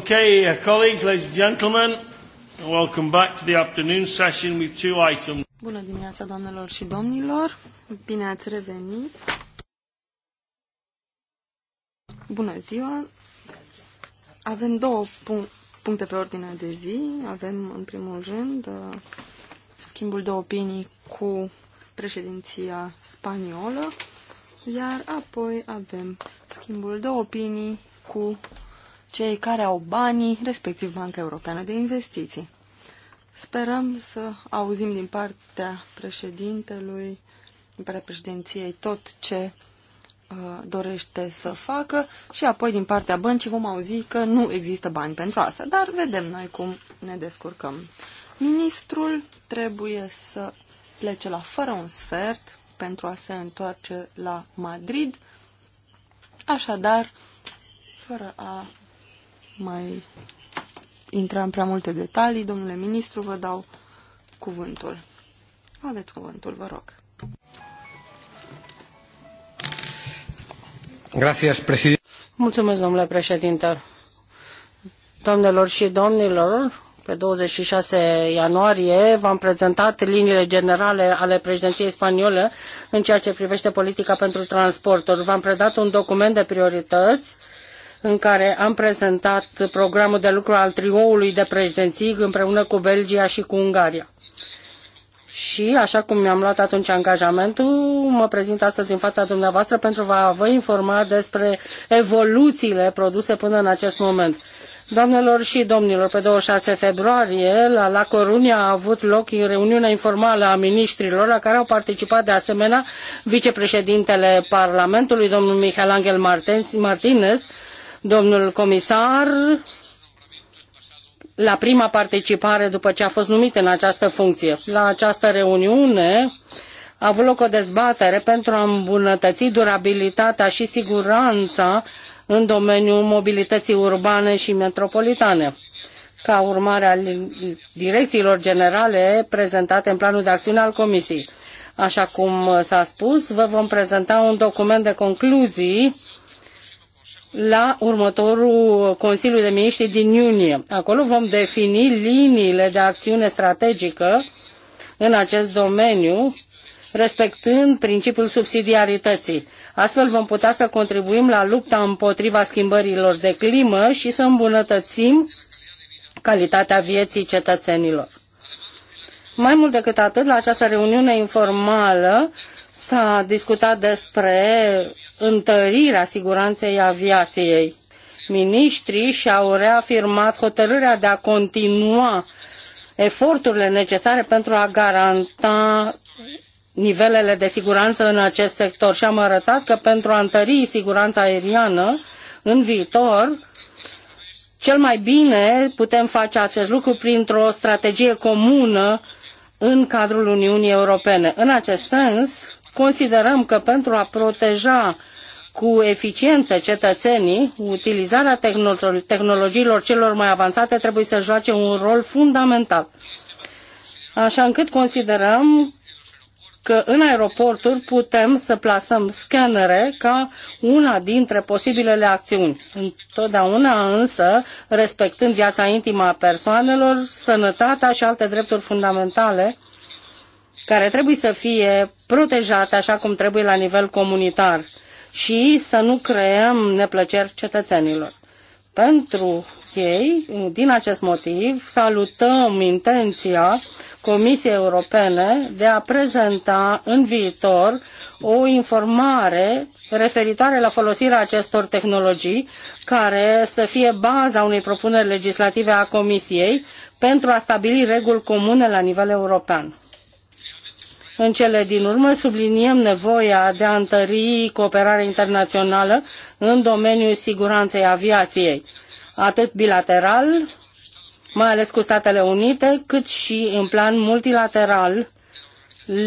Okay, uh, colleagues, ladies and gentlemen, welcome back to the afternoon session with two items. Bună dimineața, doamnelor și domnilor. Bine ați revenit. Bună ziua. Avem două punct, puncte pe ordinea de zi. Avem, în primul rând, uh, schimbul de opinii cu președinția spaniolă, iar apoi avem schimbul de opinii cu cei care au banii, respectiv Banca Europeană de Investiții. Sperăm să auzim din partea președintelui, din partea președinției, tot ce uh, dorește să facă și apoi din partea băncii vom auzi că nu există bani pentru asta, dar vedem noi cum ne descurcăm. Ministrul trebuie să plece la fără un sfert pentru a se întoarce la Madrid, așadar, fără a mai intra în prea multe detalii. Domnule ministru, vă dau cuvântul. Aveți cuvântul, vă rog. Gracias, președinte. Mulțumesc, domnule președinte. Domnilor și domnilor, pe 26 ianuarie v-am prezentat liniile generale ale președinției spaniole în ceea ce privește politica pentru transporturi. V-am predat un document de priorități uh, în care am prezentat programul de lucru al trioului de președinții împreună cu Belgia și cu Ungaria. Și, așa cum mi-am luat atunci angajamentul, mă prezint astăzi în fața dumneavoastră pentru a vă informa despre evoluțiile produse până în acest moment. Doamnelor și domnilor, pe 26 februarie la La Corunia a avut loc reuniunea informală a ministrilor la care au participat de asemenea vicepreședintele Parlamentului, domnul Miguel Angel Martinez, Domnul comisar, la prima participare după ce a fost numit în această funcție, la această reuniune, a avut loc o dezbatere pentru a îmbunătăți durabilitatea și siguranța în domeniul mobilității urbane și metropolitane. Ca urmare a direcțiilor generale prezentate în planul de acțiune al Comisiei. Așa cum s-a spus, vă vom prezenta un document de concluzii la următorul Consiliu de Miniștri din iunie. Acolo vom defini liniile de acțiune strategică în acest domeniu, respectând principiul subsidiarității. Astfel vom putea să contribuim la lupta împotriva schimbărilor de climă și să îmbunătățim calitatea vieții cetățenilor. Mai mult decât atât, la această reuniune informală S-a discutat despre întărirea siguranței aviației. Ministrii și-au reafirmat hotărârea de a continua eforturile necesare pentru a garanta nivelele de siguranță în acest sector și am arătat că pentru a întări siguranța aeriană în viitor, cel mai bine putem face acest lucru printr-o strategie comună în cadrul Uniunii Europene. În acest sens, Considerăm că pentru a proteja cu eficiență cetățenii, utilizarea tehnologiilor celor mai avansate trebuie să joace un rol fundamental. Așa încât considerăm că în aeroporturi putem să plasăm scanere ca una dintre posibilele acțiuni. Întotdeauna însă, respectând viața intimă a persoanelor, sănătatea și alte drepturi fundamentale, care trebuie să fie protejate așa cum trebuie la nivel comunitar și să nu creăm neplăceri cetățenilor. Pentru ei, din acest motiv, salutăm intenția Comisiei Europene de a prezenta în viitor o informare referitoare la folosirea acestor tehnologii, care să fie baza unei propuneri legislative a Comisiei pentru a stabili reguli comune la nivel european. În cele din urmă subliniem nevoia de a întări cooperarea internațională în domeniul siguranței aviației, atât bilateral, mai ales cu Statele Unite, cât și în plan multilateral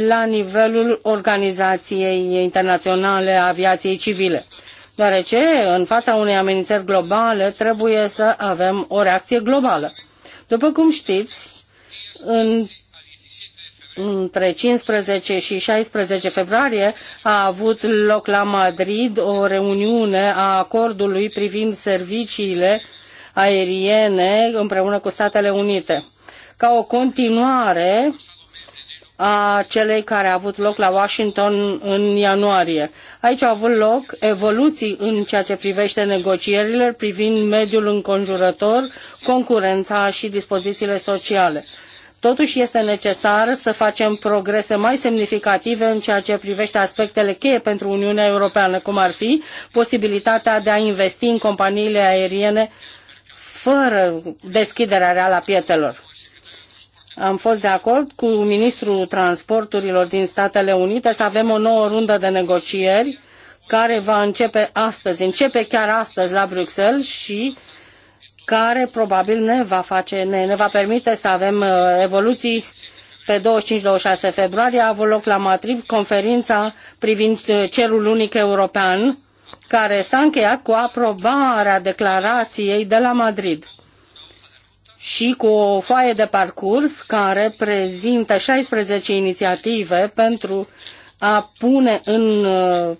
la nivelul Organizației Internaționale a Aviației Civile. Deoarece, în fața unei amenințări globale, trebuie să avem o reacție globală. După cum știți, în între 15 și 16 februarie a avut loc la Madrid o reuniune a acordului privind serviciile aeriene împreună cu Statele Unite. Ca o continuare a celei care a avut loc la Washington în ianuarie. Aici au avut loc evoluții în ceea ce privește negocierile privind mediul înconjurător, concurența și dispozițiile sociale. Totuși este necesar să facem progrese mai semnificative în ceea ce privește aspectele cheie pentru Uniunea Europeană, cum ar fi posibilitatea de a investi în companiile aeriene fără deschiderea reală a piețelor. Am fost de acord cu ministrul transporturilor din Statele Unite să avem o nouă rundă de negocieri care va începe astăzi, începe chiar astăzi la Bruxelles și care probabil ne va, face, ne, ne va permite să avem uh, evoluții pe 25-26 februarie a avut loc la Madrid conferința privind uh, cerul unic european, care s-a încheiat cu aprobarea declarației de la Madrid și cu o foaie de parcurs care prezintă 16 inițiative pentru a pune în uh,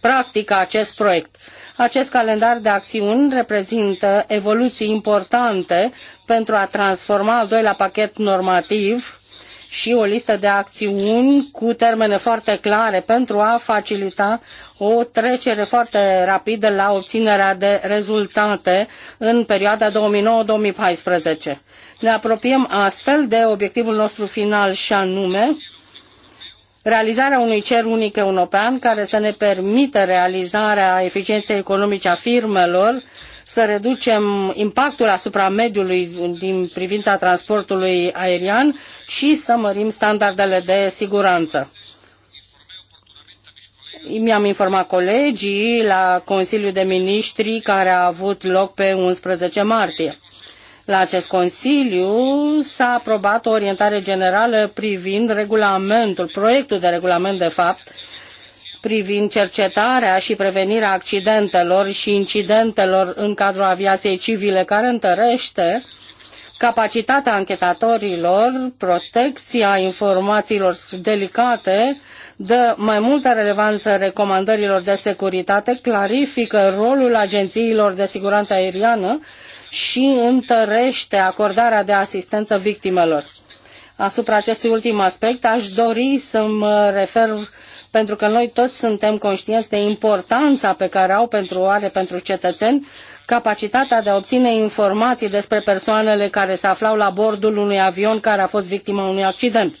practică acest proiect. Acest calendar de acțiuni reprezintă evoluții importante pentru a transforma al doilea pachet normativ și o listă de acțiuni cu termene foarte clare pentru a facilita o trecere foarte rapidă la obținerea de rezultate în perioada 2009-2014. Ne apropiem astfel de obiectivul nostru final și anume realizarea unui cer unic european care să ne permită realizarea eficienței economice a firmelor, să reducem impactul asupra mediului din privința transportului aerian și să mărim standardele de siguranță. Mi-am informat colegii la Consiliul de Ministri care a avut loc pe 11 martie. La acest Consiliu s-a aprobat o orientare generală privind regulamentul, proiectul de regulament de fapt, privind cercetarea și prevenirea accidentelor și incidentelor în cadrul aviației civile, care întărește capacitatea anchetatorilor, protecția informațiilor delicate, dă mai multă relevanță recomandărilor de securitate, clarifică rolul agențiilor de siguranță aeriană și întărește acordarea de asistență victimelor. Asupra acestui ultim aspect aș dori să mă refer pentru că noi toți suntem conștienți de importanța pe care au pentru oare pentru cetățeni capacitatea de a obține informații despre persoanele care se aflau la bordul unui avion care a fost victima unui accident.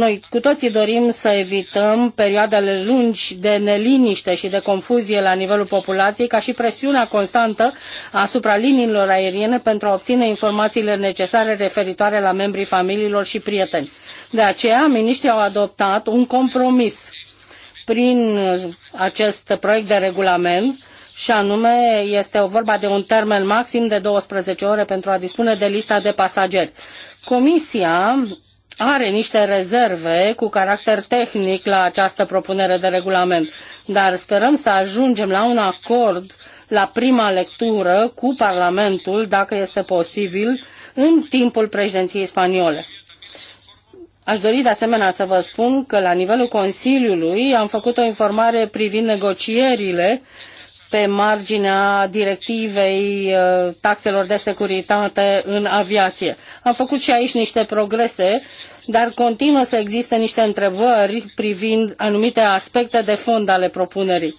Noi cu toții dorim să evităm perioadele lungi de neliniște și de confuzie la nivelul populației, ca și presiunea constantă asupra liniilor aeriene pentru a obține informațiile necesare referitoare la membrii familiilor și prieteni. De aceea, miniștrii au adoptat un compromis prin acest proiect de regulament și anume este vorba de un termen maxim de 12 ore pentru a dispune de lista de pasageri. Comisia are niște rezerve cu caracter tehnic la această propunere de regulament, dar sperăm să ajungem la un acord la prima lectură cu Parlamentul, dacă este posibil, în timpul președinției spaniole. Aș dori de asemenea să vă spun că la nivelul Consiliului am făcut o informare privind negocierile uh, pe marginea directivei uh, taxelor de securitate în aviație. Am făcut și aici niște progrese, dar continuă să existe niște întrebări privind anumite aspecte de fond ale propunerii.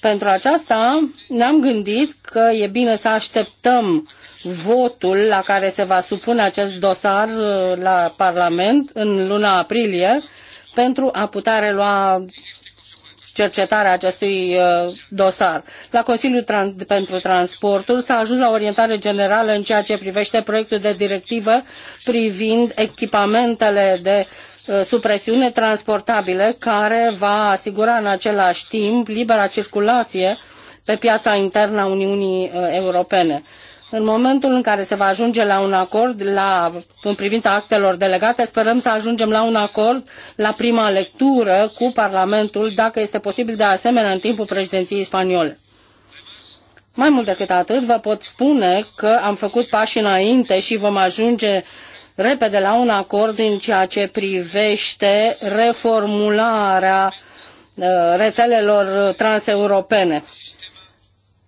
Pentru aceasta ne-am gândit că e bine să așteptăm votul la care se va supune acest dosar uh, la Parlament în luna aprilie pentru a putea relua cercetarea acestui uh, dosar. La Consiliul pentru Transporturi s-a ajuns la orientare generală în ceea ce privește proiectul de directivă privind echipamentele de uh, supresiune transportabile care va asigura în același timp libera circulație pe piața internă a Uniunii uh, Europene. În momentul în care se va ajunge la un acord la, în privința actelor delegate, sperăm să ajungem la un acord la prima lectură cu Parlamentul, dacă este posibil de asemenea în timpul președinției spaniole. Mai mult decât atât, vă pot spune că am făcut pași înainte și vom ajunge repede la un acord în ceea ce privește reformularea uh, rețelelor transeuropene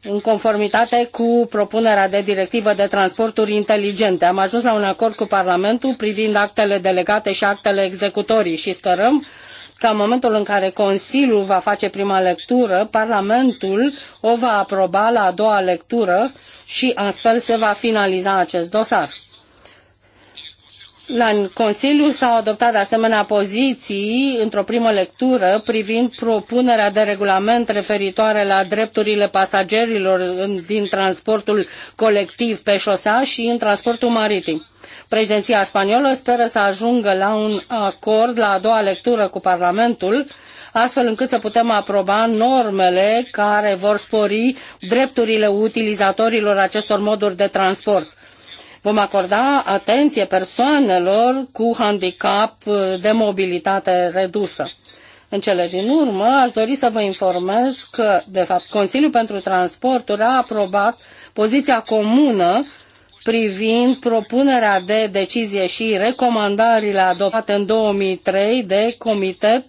în conformitate cu propunerea de directivă de transporturi inteligente. Am ajuns la un acord cu Parlamentul privind actele delegate și actele executorii și sperăm ca în momentul în care Consiliul va face prima lectură, Parlamentul o va aproba la a doua lectură și astfel se va finaliza acest dosar. La Consiliu s-au adoptat de asemenea poziții într-o primă lectură privind propunerea de regulament referitoare la drepturile pasagerilor din transportul colectiv pe șosea și în transportul maritim. Președinția spaniolă speră să ajungă la un acord la a doua lectură cu Parlamentul astfel încât să putem aproba normele care vor spori drepturile utilizatorilor acestor moduri de transport. Vom acorda atenție persoanelor cu handicap de mobilitate redusă. În cele din urmă, aș dori să vă informez că, de fapt, Consiliul pentru Transporturi a aprobat poziția comună privind propunerea de decizie și recomandările adoptate în 2003 de Comitet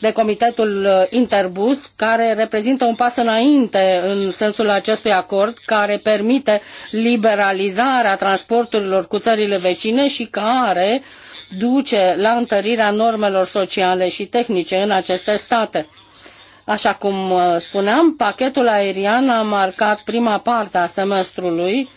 de Comitetul uh, Interbus, care reprezintă un pas înainte în sensul acestui acord, care permite liberalizarea transporturilor cu țările vecine și care duce la întărirea normelor sociale și tehnice în aceste state. Așa cum uh, spuneam, pachetul aerian a marcat prima parte a semestrului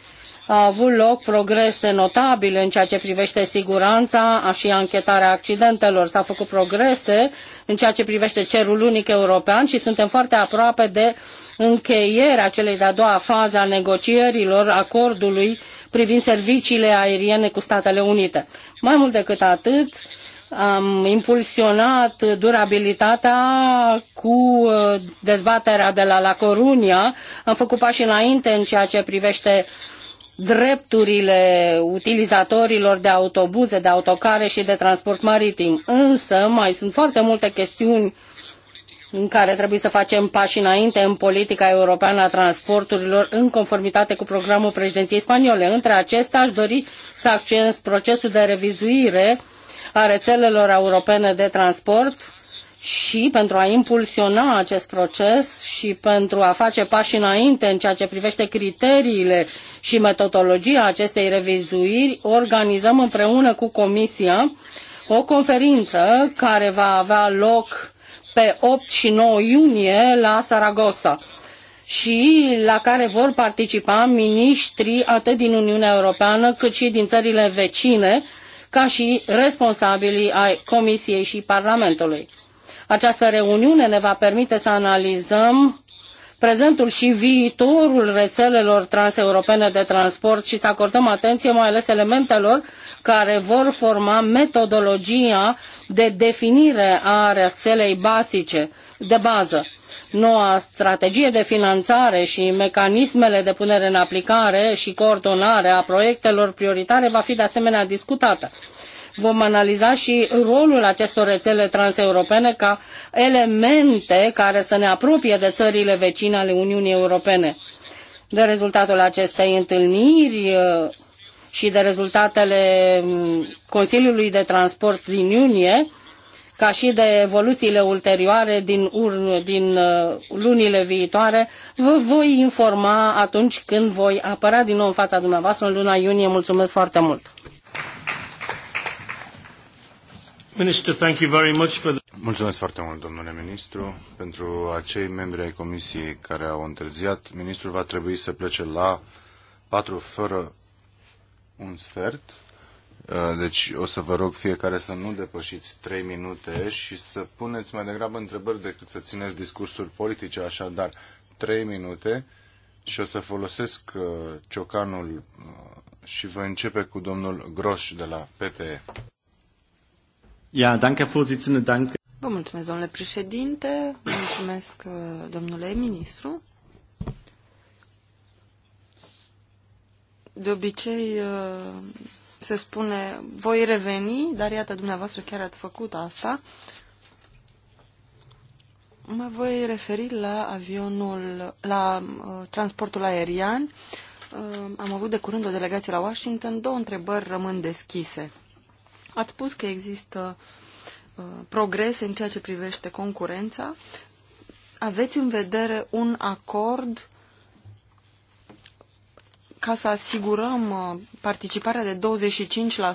au avut loc progrese notabile în ceea ce privește siguranța și anchetarea accidentelor. S-au făcut progrese în ceea ce privește cerul unic european și suntem foarte aproape de încheierea celei de-a doua faze a negocierilor acordului privind serviciile aeriene cu Statele Unite. Mai mult decât atât, am impulsionat durabilitatea cu uh, dezbaterea de la La Corunia, am făcut pași înainte în ceea ce privește uh, drepturile utilizatorilor de autobuze, de autocare și de transport maritim. Însă mai sunt foarte multe chestiuni în care trebuie să facem pași înainte în politica europeană a transporturilor în conformitate cu programul președinției spaniole. Între acestea aș dori să accent procesul de revizuire a rețelelor europene de transport, și pentru a impulsiona acest proces și pentru a face pași înainte în ceea ce privește criteriile și metodologia acestei revizuiri, organizăm împreună cu Comisia o conferință care va avea loc pe 8 și 9 iunie la Saragossa și la care vor participa miniștri atât din Uniunea Europeană cât și din țările vecine, ca și responsabilii ai Comisiei și Parlamentului. Această reuniune ne va permite să analizăm prezentul și viitorul rețelelor transeuropene de transport și să acordăm atenție mai ales elementelor care vor forma metodologia de definire a rețelei basice, de bază. Noua strategie de finanțare și mecanismele de punere în aplicare și coordonare a proiectelor prioritare va fi de asemenea discutată vom analiza și rolul acestor rețele transeuropene ca elemente care să ne apropie de țările vecine ale Uniunii Europene. De rezultatul acestei întâlniri uh, și de rezultatele mm, Consiliului de Transport din iunie, ca și de evoluțiile ulterioare din, urn, din uh, lunile viitoare, vă voi informa atunci când voi apărea din nou în fața dumneavoastră în luna iunie. Mulțumesc foarte mult! Minister, thank you very much for the... Mulțumesc foarte mult, domnule ministru. Pentru acei membri ai comisiei care au întârziat, ministrul va trebui să plece la 4 fără un sfert. Uh, deci o să vă rog fiecare să nu depășiți 3 minute și să puneți mai degrabă întrebări decât să țineți discursuri politice, așadar 3 minute și o să folosesc uh, ciocanul uh, și voi începe cu domnul Groș de la PPE. Ja, danke, Vorsitzende, danke. Vă mulțumesc, domnule președinte, mulțumesc, uh, domnule ministru. De obicei uh, se spune, voi reveni, dar iată, dumneavoastră chiar ați făcut asta. Mă voi referi la avionul, la uh, transportul aerian. Am avut de curând o delegație la Washington. Două întrebări rămân deschise. Ați spus că există uh, progrese în ceea ce privește concurența. Aveți în vedere un acord ca să asigurăm uh, participarea de 25%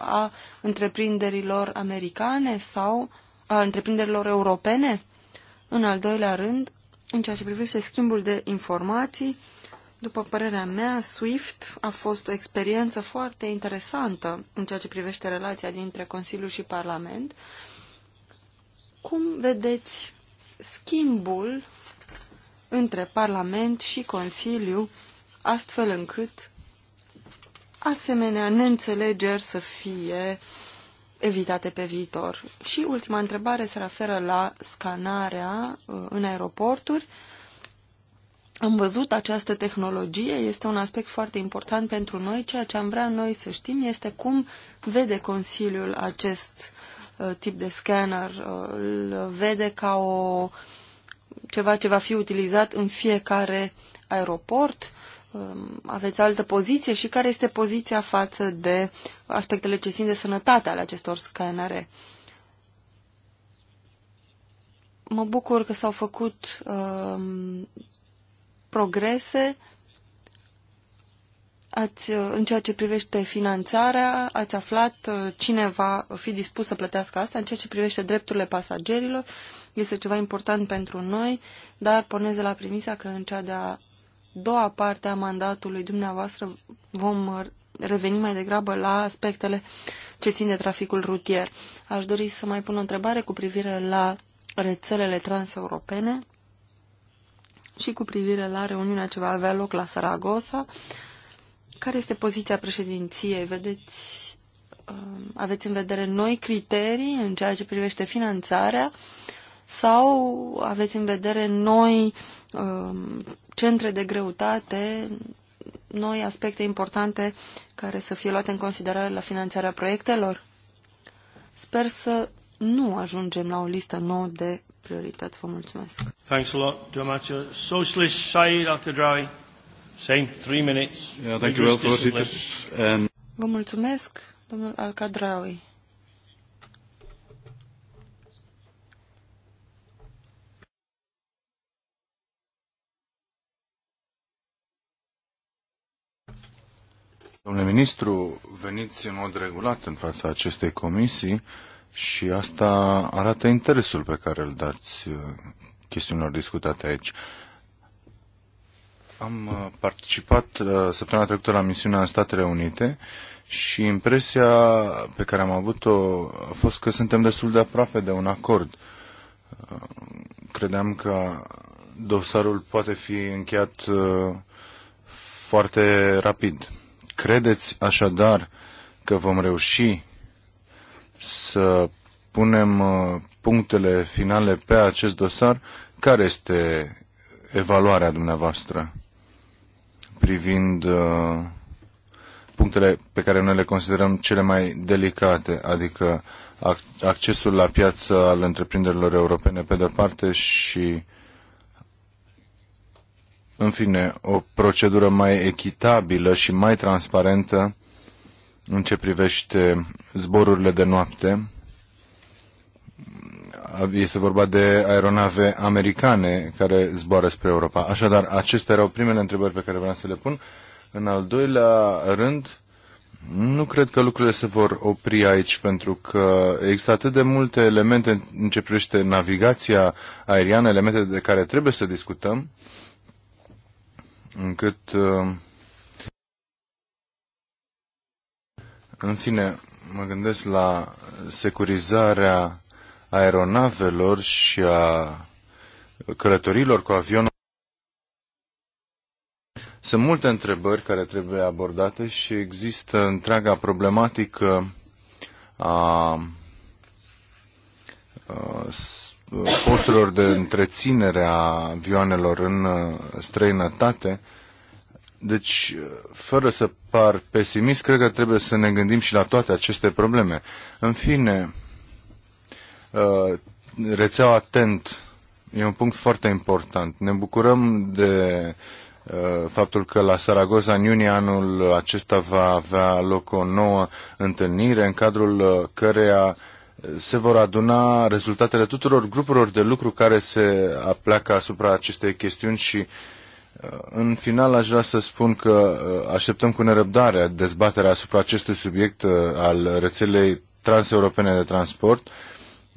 a întreprinderilor americane sau a întreprinderilor europene? În al doilea rând, în ceea ce privește schimbul de informații, după părerea mea, SWIFT a fost o experiență foarte interesantă în ceea ce privește relația dintre Consiliu și Parlament. Cum vedeți schimbul între Parlament și Consiliu, astfel încât asemenea neînțelegeri să fie evitate pe viitor. Și ultima întrebare se referă la scanarea uh, în aeroporturi am văzut această tehnologie, este un aspect foarte important pentru noi. Ceea ce am vrea noi să știm este cum vede Consiliul acest uh, tip de scanner. Uh, îl vede ca o, ceva ce va fi utilizat în fiecare aeroport. Uh, aveți altă poziție și care este poziția față de aspectele ce țin de sănătate ale acestor scanere. Mă bucur că s-au făcut uh, progrese ați, în ceea ce privește finanțarea, ați aflat uh, cine va fi dispus să plătească asta, în ceea ce privește drepturile pasagerilor, este ceva important pentru noi, dar pornez de la premisa că în cea de-a doua parte a mandatului dumneavoastră vom uh, reveni mai degrabă la aspectele ce țin de traficul rutier. Aș dori să mai pun o întrebare cu privire la rețelele transeuropene și cu privire la reuniunea ce va avea loc la Saragossa. Care este poziția președinției? Vedeți, um, aveți în vedere noi criterii în ceea ce privește finanțarea sau aveți în vedere noi um, centre de greutate, noi aspecte importante care să fie luate în considerare la finanțarea proiectelor? Sper să nu ajungem la o listă nouă de priorități. Vă mulțumesc. Thanks a lot, Damacho. Socialist Said Al-Qadrawi. Same, three minutes. Yeah, thank you well, And... Vă mulțumesc, domnul al Domnule ministru, veniți în mod regulat în fața acestei comisii și asta arată interesul pe care îl dați uh, chestiunilor discutate aici. Am uh, participat uh, săptămâna trecută la misiunea în Statele Unite și impresia pe care am avut-o a fost că suntem destul de aproape de un acord. Credeam că dosarul poate fi încheiat foarte rapid. Credeți așadar că vom reuși să punem uh, punctele finale pe acest dosar, care este evaluarea dumneavoastră privind uh, punctele pe care noi le considerăm cele mai delicate, adică accesul la piață al întreprinderilor europene pe de-o parte și, în fine, o procedură mai echitabilă și mai transparentă în ce privește zborurile de noapte. Este vorba de aeronave americane care zboară spre Europa. Așadar, acestea erau primele întrebări pe care vreau să le pun. În al doilea rând, nu cred că lucrurile se vor opri aici, pentru că există atât de multe elemente în ce privește navigația aeriană, elemente de care trebuie să discutăm, încât uh, În fine, mă gândesc la securizarea aeronavelor și a călătorilor cu avionul. Sunt multe întrebări care trebuie abordate și există întreaga problematică a posturilor de întreținere a avioanelor în uh, străinătate deci, uh, fără să par pesimist, cred că trebuie să ne gândim și la toate aceste probleme. În fine, uh, rețeaua atent e un punct foarte important. Ne bucurăm de uh, faptul că la Saragoza în iunie anul acesta va avea loc o nouă întâlnire în cadrul căreia se vor aduna rezultatele tuturor grupurilor de lucru care se apleacă asupra acestei chestiuni și uh, în final aș vrea să spun că uh, așteptăm cu nerăbdare dezbaterea asupra acestui subiect uh, al rețelei transeuropene de transport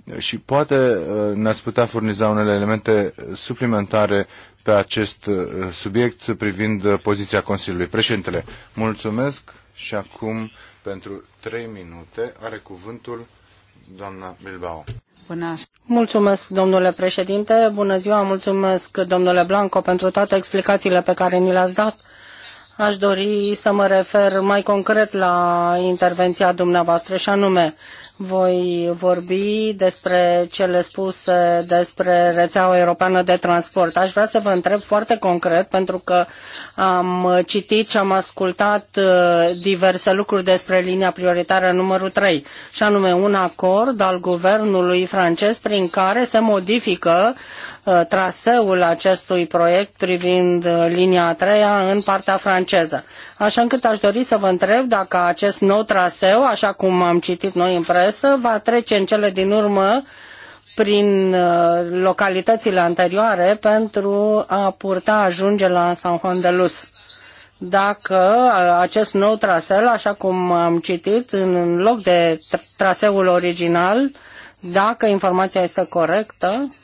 uh, și poate ne-ați putea furniza unele elemente suplimentare pe acest subiect privind poziția Consiliului. Președintele, mulțumesc și acum pentru trei minute are cuvântul doamna Bilbao. Mulțumesc, domnule președinte. Bună ziua, mulțumesc, domnule Blanco, pentru toate explicațiile pe care ni le-ați dat. Aș dori să mă refer mai concret la intervenția dumneavoastră și anume, voi vorbi despre cele spuse despre rețeaua europeană de transport. Aș vrea să vă întreb foarte concret, pentru că am citit și am ascultat uh, diverse lucruri despre linia prioritară numărul 3, și anume un acord al guvernului francez prin care se modifică uh, traseul acestui proiect privind uh, linia a treia în partea franceză. Așa încât aș dori să vă întreb dacă acest nou traseu, așa cum am citit noi în presă, presă va trece în cele din urmă prin uh, localitățile anterioare pentru a purta ajunge la San Juan de Luz. Dacă uh, acest nou traseu, așa cum am citit, în loc de traseul original, dacă informația este corectă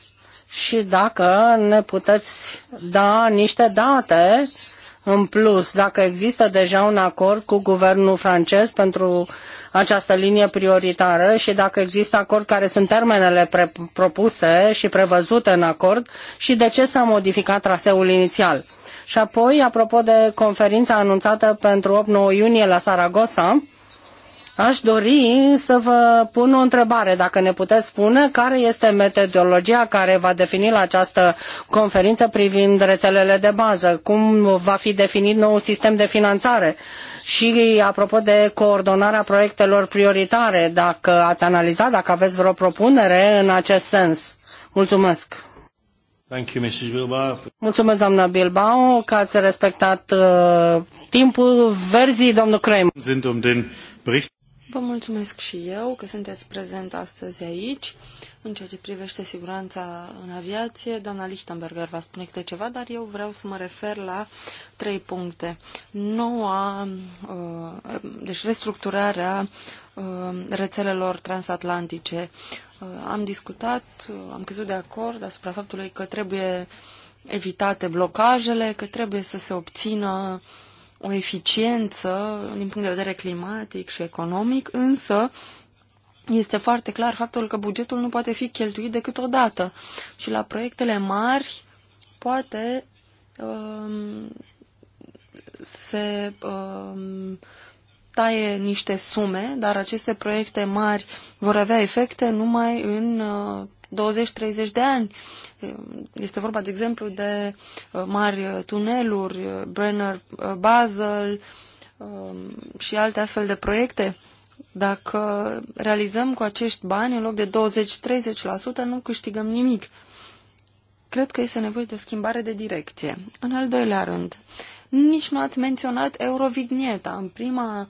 și dacă ne puteți da niște date uh, în plus, dacă există deja un acord cu guvernul francez pentru această linie prioritară și dacă există acord care sunt termenele propuse și prevăzute în acord și de ce s-a modificat traseul inițial. Și apoi, apropo de conferința anunțată pentru 8-9 iunie la Saragossa, Aș dori să vă pun o întrebare, dacă ne puteți spune care este metodologia care va defini la această conferință privind rețelele de bază, cum va fi definit nou sistem de finanțare și apropo de coordonarea proiectelor prioritare, dacă ați analizat, dacă aveți vreo propunere în acest sens. Mulțumesc! Thank you, Mrs. Bilbao. Mulțumesc, doamna Bilbao, că ați respectat uh, timpul verzii, domnul Kramer. Vă mulțumesc și eu că sunteți prezent astăzi aici. În ceea ce privește siguranța în aviație, doamna Lichtenberger va spune câte ceva, dar eu vreau să mă refer la trei puncte. Noua, uh, deci restructurarea uh, rețelelor transatlantice. Uh, am discutat, am căzut de acord asupra faptului că trebuie evitate blocajele, că trebuie să se obțină uh, o eficiență din punct de vedere climatic și economic, însă este foarte clar faptul că bugetul nu poate fi cheltuit decât o dată și la proiectele mari poate um, se um, taie niște sume, dar aceste proiecte mari vor avea efecte numai în uh, 20-30 de ani. Este vorba, de exemplu, de uh, mari uh, tuneluri, uh, Brenner Basel um, și alte astfel de proiecte. Dacă realizăm cu acești bani, în loc de 20-30%, nu câștigăm nimic. Cred că este nevoie de o schimbare de direcție. În al doilea rând, nici nu ați menționat Eurovignieta. În prima uh,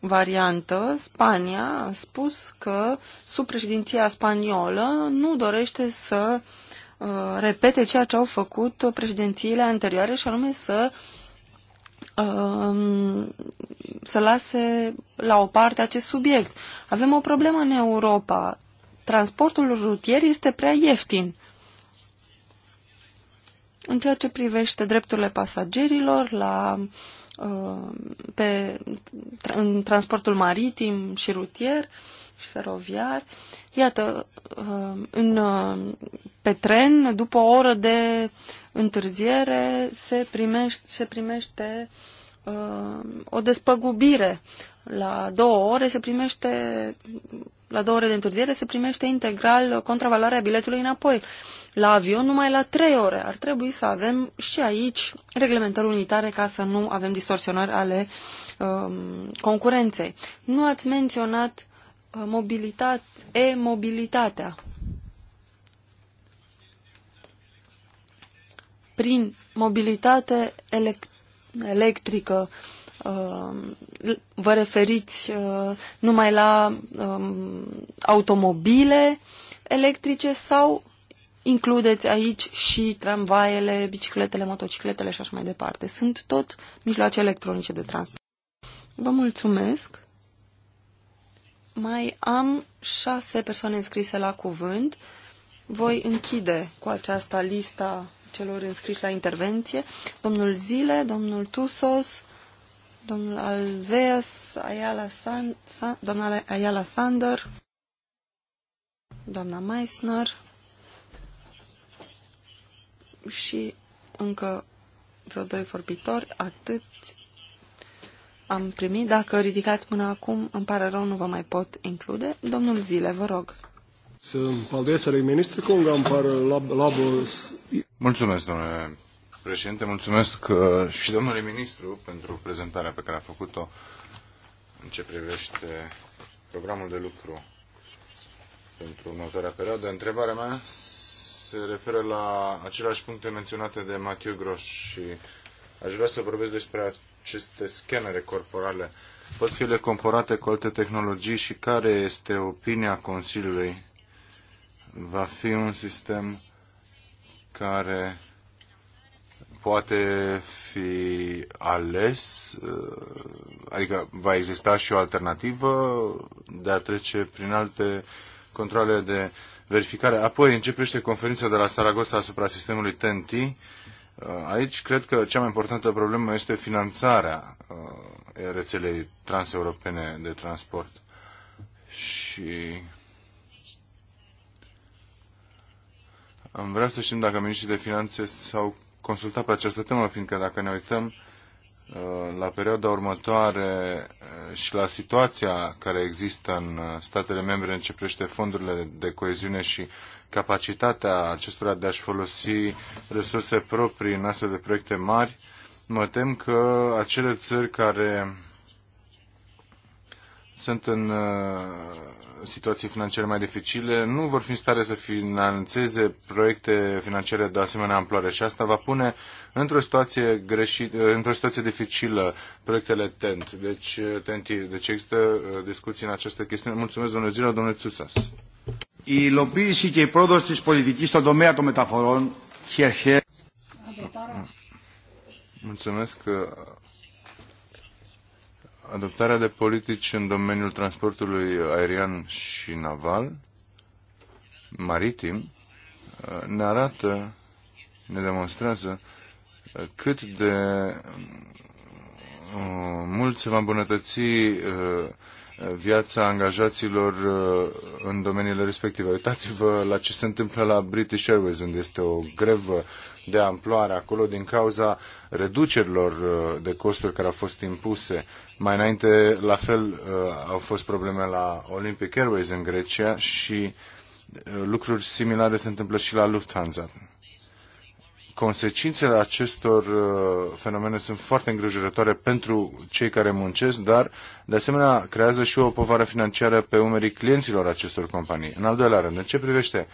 variantă, Spania a spus că sub președinția spaniolă nu dorește să uh, repete ceea ce au făcut președințiile anterioare și anume să um, să lase la o parte acest subiect. Avem o problemă în Europa. Transportul rutier este prea ieftin. În ceea ce privește drepturile pasagerilor la uh, Uh, pe, în transportul maritim și rutier și feroviar. Iată, uh, în, uh, pe tren, după o oră de întârziere, se primește, se primește o despăgubire. La două ore se primește la două ore de întârziere se primește integral contravaloarea biletului înapoi. La avion numai la trei ore. Ar trebui să avem și aici reglementări unitare ca să nu avem distorsionări ale um, concurenței. Nu ați menționat uh, mobilitate, e-mobilitatea. Prin mobilitate elect- electrică uh, Uh, vă referiți uh, numai la um, automobile electrice sau includeți aici și tramvaiele, bicicletele, motocicletele și așa mai departe. Sunt tot mijloace electronice de transport. Vă mulțumesc. Mai am șase persoane înscrise la cuvânt. Voi închide cu aceasta lista celor înscriși la intervenție. Domnul Zile, domnul Tusos, domnul Alveas, Ayala San, San, doamna Ayala Sander, doamna Meissner și încă vreo doi vorbitori, atât am primit. Dacă ridicați până acum, îmi pare rău, nu vă mai pot include. Domnul Zile, vă rog. par Mulțumesc, domnule președinte. Mulțumesc uh, și domnului ministru pentru prezentarea pe care a făcut-o în ce privește programul de lucru pentru următoarea perioadă. Întrebarea mea se referă la aceleași puncte menționate de Mathieu Gros și aș vrea să vorbesc despre aceste scanere corporale. Pot fi ele comparate cu alte tehnologii și care este opinia Consiliului? Va fi un sistem care poate fi ales, uh, adică va exista și o alternativă de a trece prin alte controle de verificare. Apoi începește conferința de la Saragossa asupra sistemului TNT. Uh, aici cred că cea mai importantă problemă este finanțarea uh, rețelei transeuropene de transport. Și am vrea să știm dacă ministrii de finanțe s-au consultat pe această temă, fiindcă dacă ne uităm uh, la perioada următoare uh, și la situația care există în uh, statele membre în ce privește fondurile de coeziune și capacitatea acestora de a-și folosi resurse proprii în astfel de proiecte mari, mă tem că acele țări care sunt în situații financiare mai dificile nu vor fi în stare să financeze proiecte financiare de asemenea amploare și asta va pune într-o situație, greșit, într-o situație dificilă proiectele TENT. Deci, TENT, uh, deci există uh, discuții în această chestiune. Mulțumesc, domnule Zilă, domnule Tsusas. Η υλοποίηση και η πρόοδος της πολιτικής στον τομέα των μεταφορών χερχέ. Mulțumesc. Uh, adoptarea de politici în domeniul transportului aerian și naval, maritim, ne arată, ne demonstrează cât de uh, mult se va îmbunătăți uh, viața angajaților uh, în domeniile respective. Uitați-vă la ce se întâmplă la British Airways, unde este o grevă de amploare acolo din cauza reducerilor uh, de costuri care au fost impuse. Mai înainte, la fel, uh, au fost probleme la Olympic Airways în Grecia și uh, lucruri similare se întâmplă și la Lufthansa. Consecințele acestor fenomene sunt foarte îngrijorătoare pentru cei care muncesc, dar de asemenea creează și o povară financiară pe umerii clienților acestor companii. În al doilea rând, în ce privește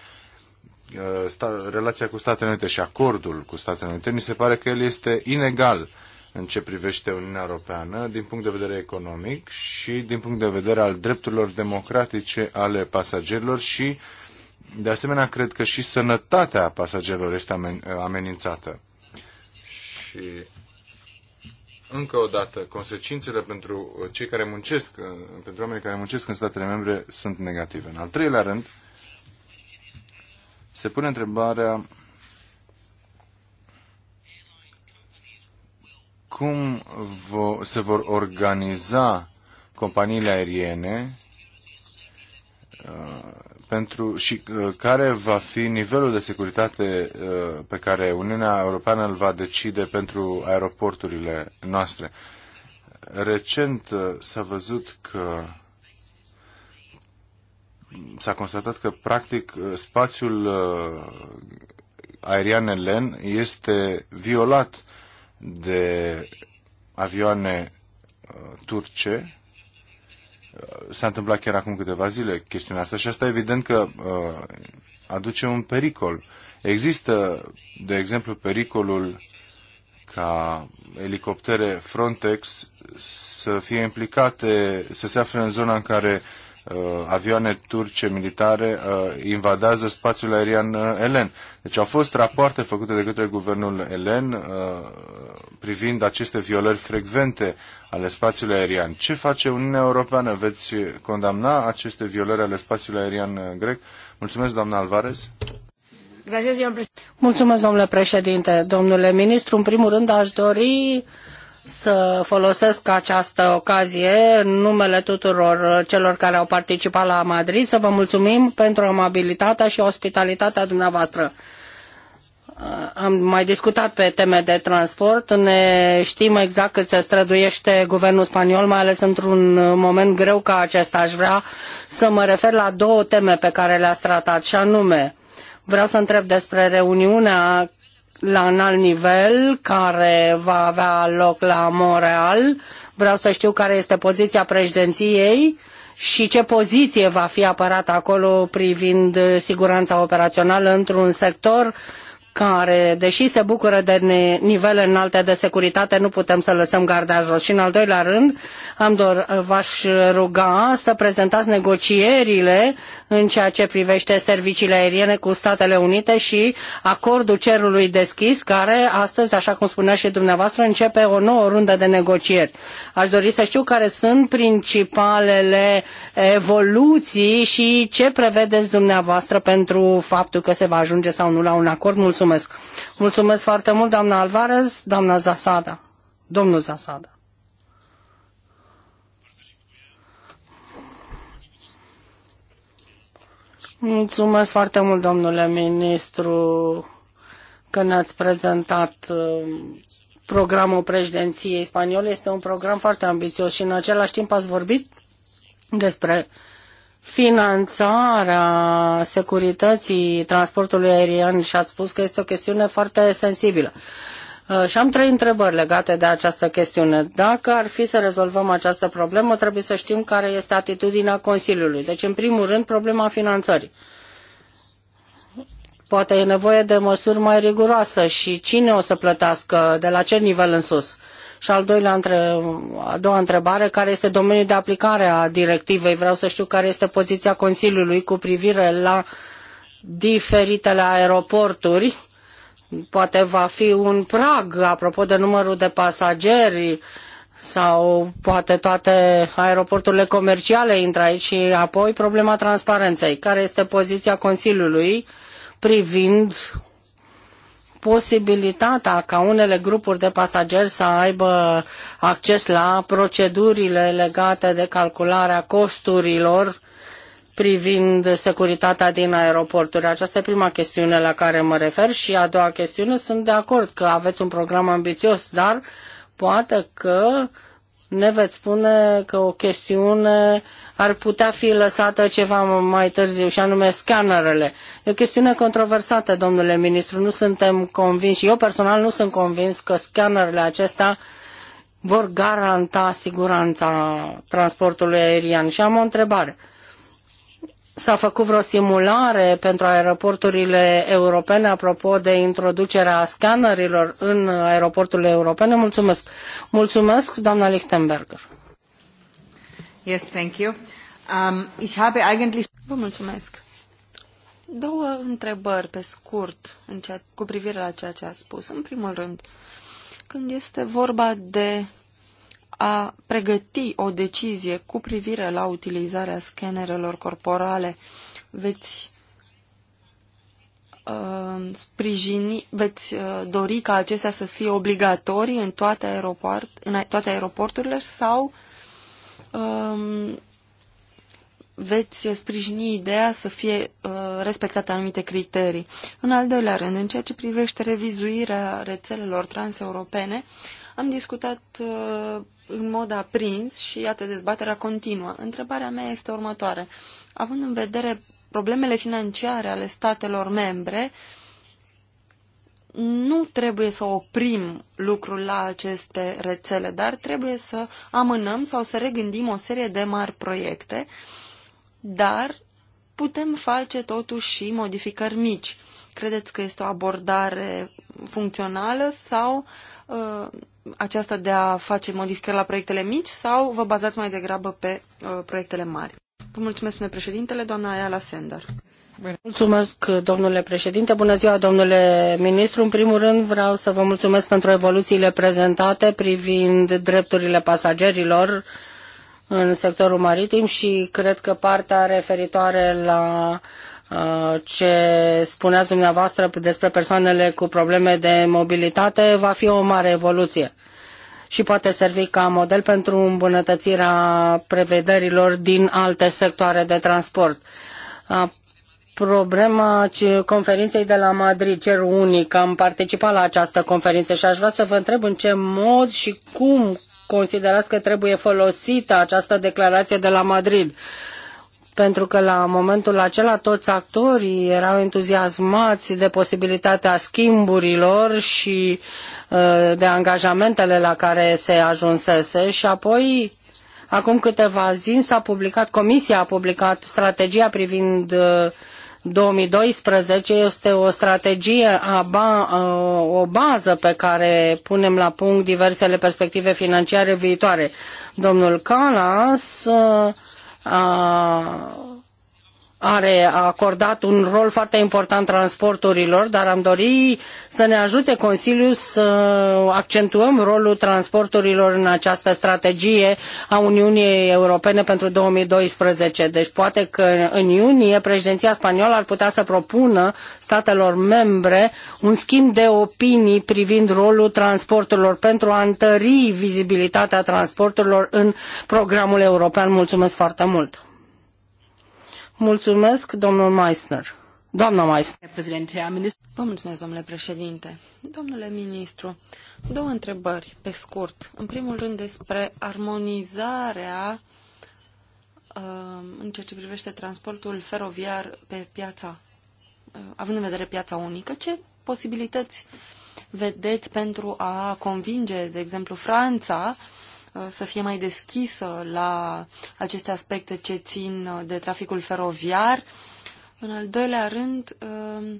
Uh, sta, relația cu Statele Unite și acordul cu Statele Unite, mi se pare că el este inegal în ce privește Uniunea Europeană din punct de vedere economic și din punct de vedere al drepturilor democratice ale pasagerilor și de asemenea cred că și sănătatea pasagerilor este amenințată. Și încă o dată, consecințele pentru cei care muncesc, pentru oamenii care muncesc în statele membre sunt negative. În al treilea rând, se pune întrebarea cum vo, se vor organiza companiile aeriene uh, pentru și uh, care va fi nivelul de securitate uh, pe care Uniunea Europeană îl va decide pentru aeroporturile noastre. Recent s-a văzut că s-a constatat că, practic, spațiul uh, aerian elen este violat de avioane uh, turce. Uh, s-a întâmplat chiar acum câteva zile chestiunea asta și asta evident că aduce un pericol. Există, de exemplu, pericolul ca elicoptere Frontex să fie implicate, să se afle în zona în care Uh, avioane turce militare uh, invadează spațiul aerian uh, elen. Deci au fost rapoarte făcute de către guvernul elen privind aceste violări frecvente ale spațiului aerian. Ce face Uniunea Europeană? Veți condamna aceste violări ale spațiului aerian grec? Mulțumesc, doamna Alvarez. Mulțumesc, domnule președinte. Domnule ministru, în primul rând aș dori să folosesc această ocazie în numele tuturor celor care au participat la Madrid, să vă mulțumim pentru amabilitatea și ospitalitatea dumneavoastră. Am mai discutat pe teme de transport, ne știm exact cât se străduiește guvernul spaniol, mai ales într-un moment greu ca acesta. Aș vrea să mă refer la două teme pe care le-ați tratat, și anume, vreau să întreb despre reuniunea la înalt nivel care va avea loc la Montreal. Vreau să știu care este poziția președinției și ce poziție va fi apărată acolo privind siguranța operațională într-un sector care, deși se bucură de nivele înalte de securitate, nu putem să lăsăm garda jos. Și în al doilea rând, am dor, v-aș ruga să prezentați negocierile în ceea ce privește serviciile aeriene cu Statele Unite și acordul cerului deschis, care astăzi, așa cum spunea și dumneavoastră, începe o nouă rundă de negocieri. Aș dori să știu care sunt principalele evoluții și ce prevedeți dumneavoastră pentru faptul că se va ajunge sau nu la un acord. Mulțumesc Mulțumesc. Mulțumesc foarte mult, doamna Alvarez, doamna Zasada. Domnul Zasada. Mulțumesc foarte mult, domnule ministru, că ne-ați prezentat uh, programul președinției spaniole. Este un program foarte ambițios și în același timp ați vorbit despre finanțarea securității transportului aerian și ați spus că este o chestiune foarte sensibilă. Uh, și am trei întrebări legate de această chestiune. Dacă ar fi să rezolvăm această problemă, trebuie să știm care este atitudinea Consiliului. Deci, în primul rând, problema finanțării. Poate e nevoie de măsuri mai riguroase și cine o să plătească, de la ce nivel în sus. Uh, și al doilea între, a doua întrebare, care este domeniul de aplicare a directivei? Vreau să știu care este poziția Consiliului cu privire la diferitele aeroporturi. Poate va fi un prag apropo de numărul de pasageri sau poate toate aeroporturile comerciale intră aici și apoi problema transparenței. Care este poziția Consiliului privind posibilitatea ca unele grupuri de pasageri să aibă acces la procedurile legate de calcularea costurilor privind securitatea din aeroporturi. Aceasta e prima chestiune la care mă refer și a doua chestiune, sunt de acord că aveți un program ambițios, dar poate că ne veți spune că o chestiune uh, ar putea fi lăsată ceva mai târziu, și anume scanerele. E o chestiune controversată, domnule ministru. Nu suntem convinși, eu personal nu sunt convins că scanerele acestea vor garanta siguranța transportului aerian. Și am o întrebare. S-a făcut vreo simulare pentru aeroporturile europene apropo de introducerea scanerilor în aeroporturile europene? Mulțumesc. Mulțumesc, doamna Lichtenberger. Yes, thank you. Um, ich habe eigentlich... Vă mulțumesc. Două întrebări pe scurt în ceea cu privire la ceea ce ați spus. În primul rând, când este vorba de a pregăti o decizie cu privire la utilizarea scanerelor corporale, veți uh, sprijini, veți uh, dori ca acestea să fie obligatorii în toate, aeroport, în toate aeroporturile sau um, veți sprijini ideea să fie uh, respectate anumite criterii. În al doilea rând, în ceea ce privește revizuirea rețelelor transeuropene, am discutat uh, în mod aprins și iată dezbaterea continuă. Întrebarea mea este următoare. Având în vedere problemele financiare ale statelor membre, uh, nu trebuie să oprim lucrul la aceste rețele, dar trebuie să amânăm sau să regândim o serie de mari proiecte, dar putem face totuși și modificări mici. Credeți că este o abordare funcțională sau uh, aceasta de a face modificări la proiectele mici sau vă bazați mai degrabă pe uh, proiectele mari? Vă mulțumesc, domnule președintele, doamna Ayala Sender. Mulțumesc, domnule președinte. Bună ziua, domnule ministru. În primul rând, vreau să vă mulțumesc pentru evoluțiile prezentate privind drepturile pasagerilor în sectorul maritim și cred că partea referitoare la uh, ce spuneați dumneavoastră despre persoanele cu probleme de mobilitate va fi o mare evoluție și poate servi ca model pentru îmbunătățirea prevederilor din alte sectoare de transport problema conferinței de la Madrid, cer unic. Am participat la această conferință și aș vrea să vă întreb în ce mod și cum considerați că trebuie folosită această declarație de la Madrid. Pentru că la momentul acela toți actorii erau entuziasmați de posibilitatea schimburilor și uh, de angajamentele la care se ajunsese și apoi Acum câteva zile s-a publicat, Comisia a publicat strategia privind uh, 2012 este o strategie, a ba, o bază pe care punem la punct diversele perspective financiare viitoare. Domnul Calas a are a acordat un rol foarte important transporturilor, dar am dori să ne ajute Consiliul să accentuăm rolul transporturilor în această strategie a Uniunii Europene pentru 2012. Deci poate că în iunie președinția spaniolă ar putea să propună statelor membre un schimb de opinii privind rolul transporturilor pentru a întări vizibilitatea transporturilor în programul european. Mulțumesc foarte mult! Mulțumesc, domnul Meissner. Doamna Meissner. Vă mulțumesc, domnule președinte. Domnule ministru, două întrebări, pe scurt. În primul rând despre armonizarea uh, în ceea ce privește transportul feroviar pe piața, uh, având în vedere piața unică, ce posibilități vedeți pentru a convinge, de exemplu, Franța Uh, să fie mai deschisă la aceste aspecte ce țin uh, de traficul feroviar. În al doilea rând, uh,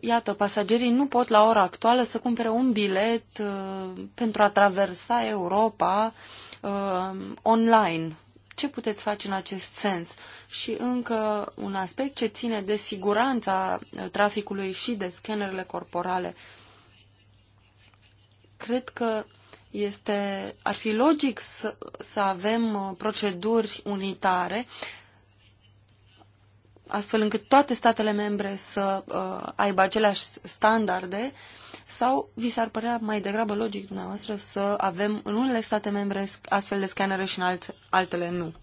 iată, pasagerii nu pot la ora actuală să cumpere un bilet pentru a traversa Europa online. Ce puteți face în acest sens? Și încă un aspect ce ține de siguranța traficului și de scanerele corporale. Cred că este, ar fi logic să, să avem uh, proceduri unitare astfel încât toate statele membre să uh, aibă aceleași standarde sau vi s-ar părea mai degrabă logic dumneavoastră să avem în unele state membre astfel de scanere și în alt, altele nu?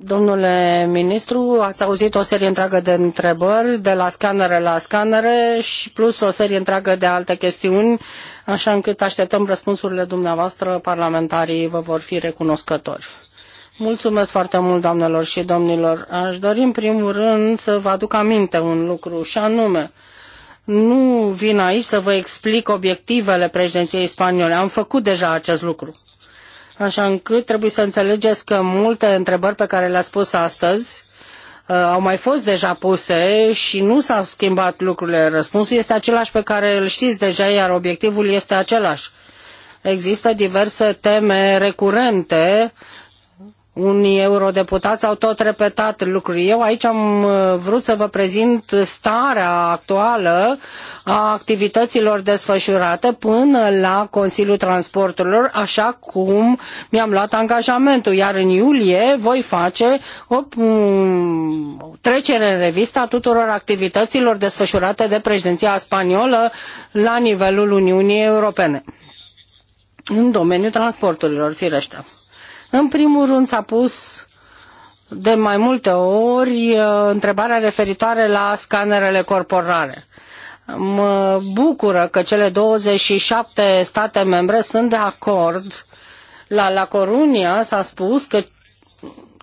Domnule ministru, ați auzit o serie întreagă de întrebări, de la scanere la scanere și plus o serie întreagă de alte chestiuni, așa încât așteptăm răspunsurile dumneavoastră, parlamentarii vă vor fi recunoscători. Mulțumesc foarte mult, doamnelor și domnilor. Aș dori în primul rând să vă aduc aminte un lucru, și anume, nu vin aici să vă explic obiectivele președinției spaniole, am făcut deja acest lucru așa încât trebuie să înțelegeți că multe întrebări pe care le-ați pus astăzi uh, au mai fost deja puse și nu s-au schimbat lucrurile. Răspunsul este același pe care îl știți deja, iar obiectivul este același. Există diverse teme recurente unii eurodeputați au tot repetat lucruri. Eu aici am uh, vrut să vă prezint starea actuală a activităților desfășurate până la Consiliul Transporturilor, așa cum mi-am luat angajamentul. Iar în iulie voi face o mm, trecere în revista tuturor activităților desfășurate de președinția spaniolă la nivelul Uniunii Europene. În domeniul transporturilor, firește. În primul rând s-a pus de mai multe ori uh, întrebarea referitoare la scanerele corporale. Mă bucură că cele 27 state membre sunt de acord. La La Corunia s-a spus că,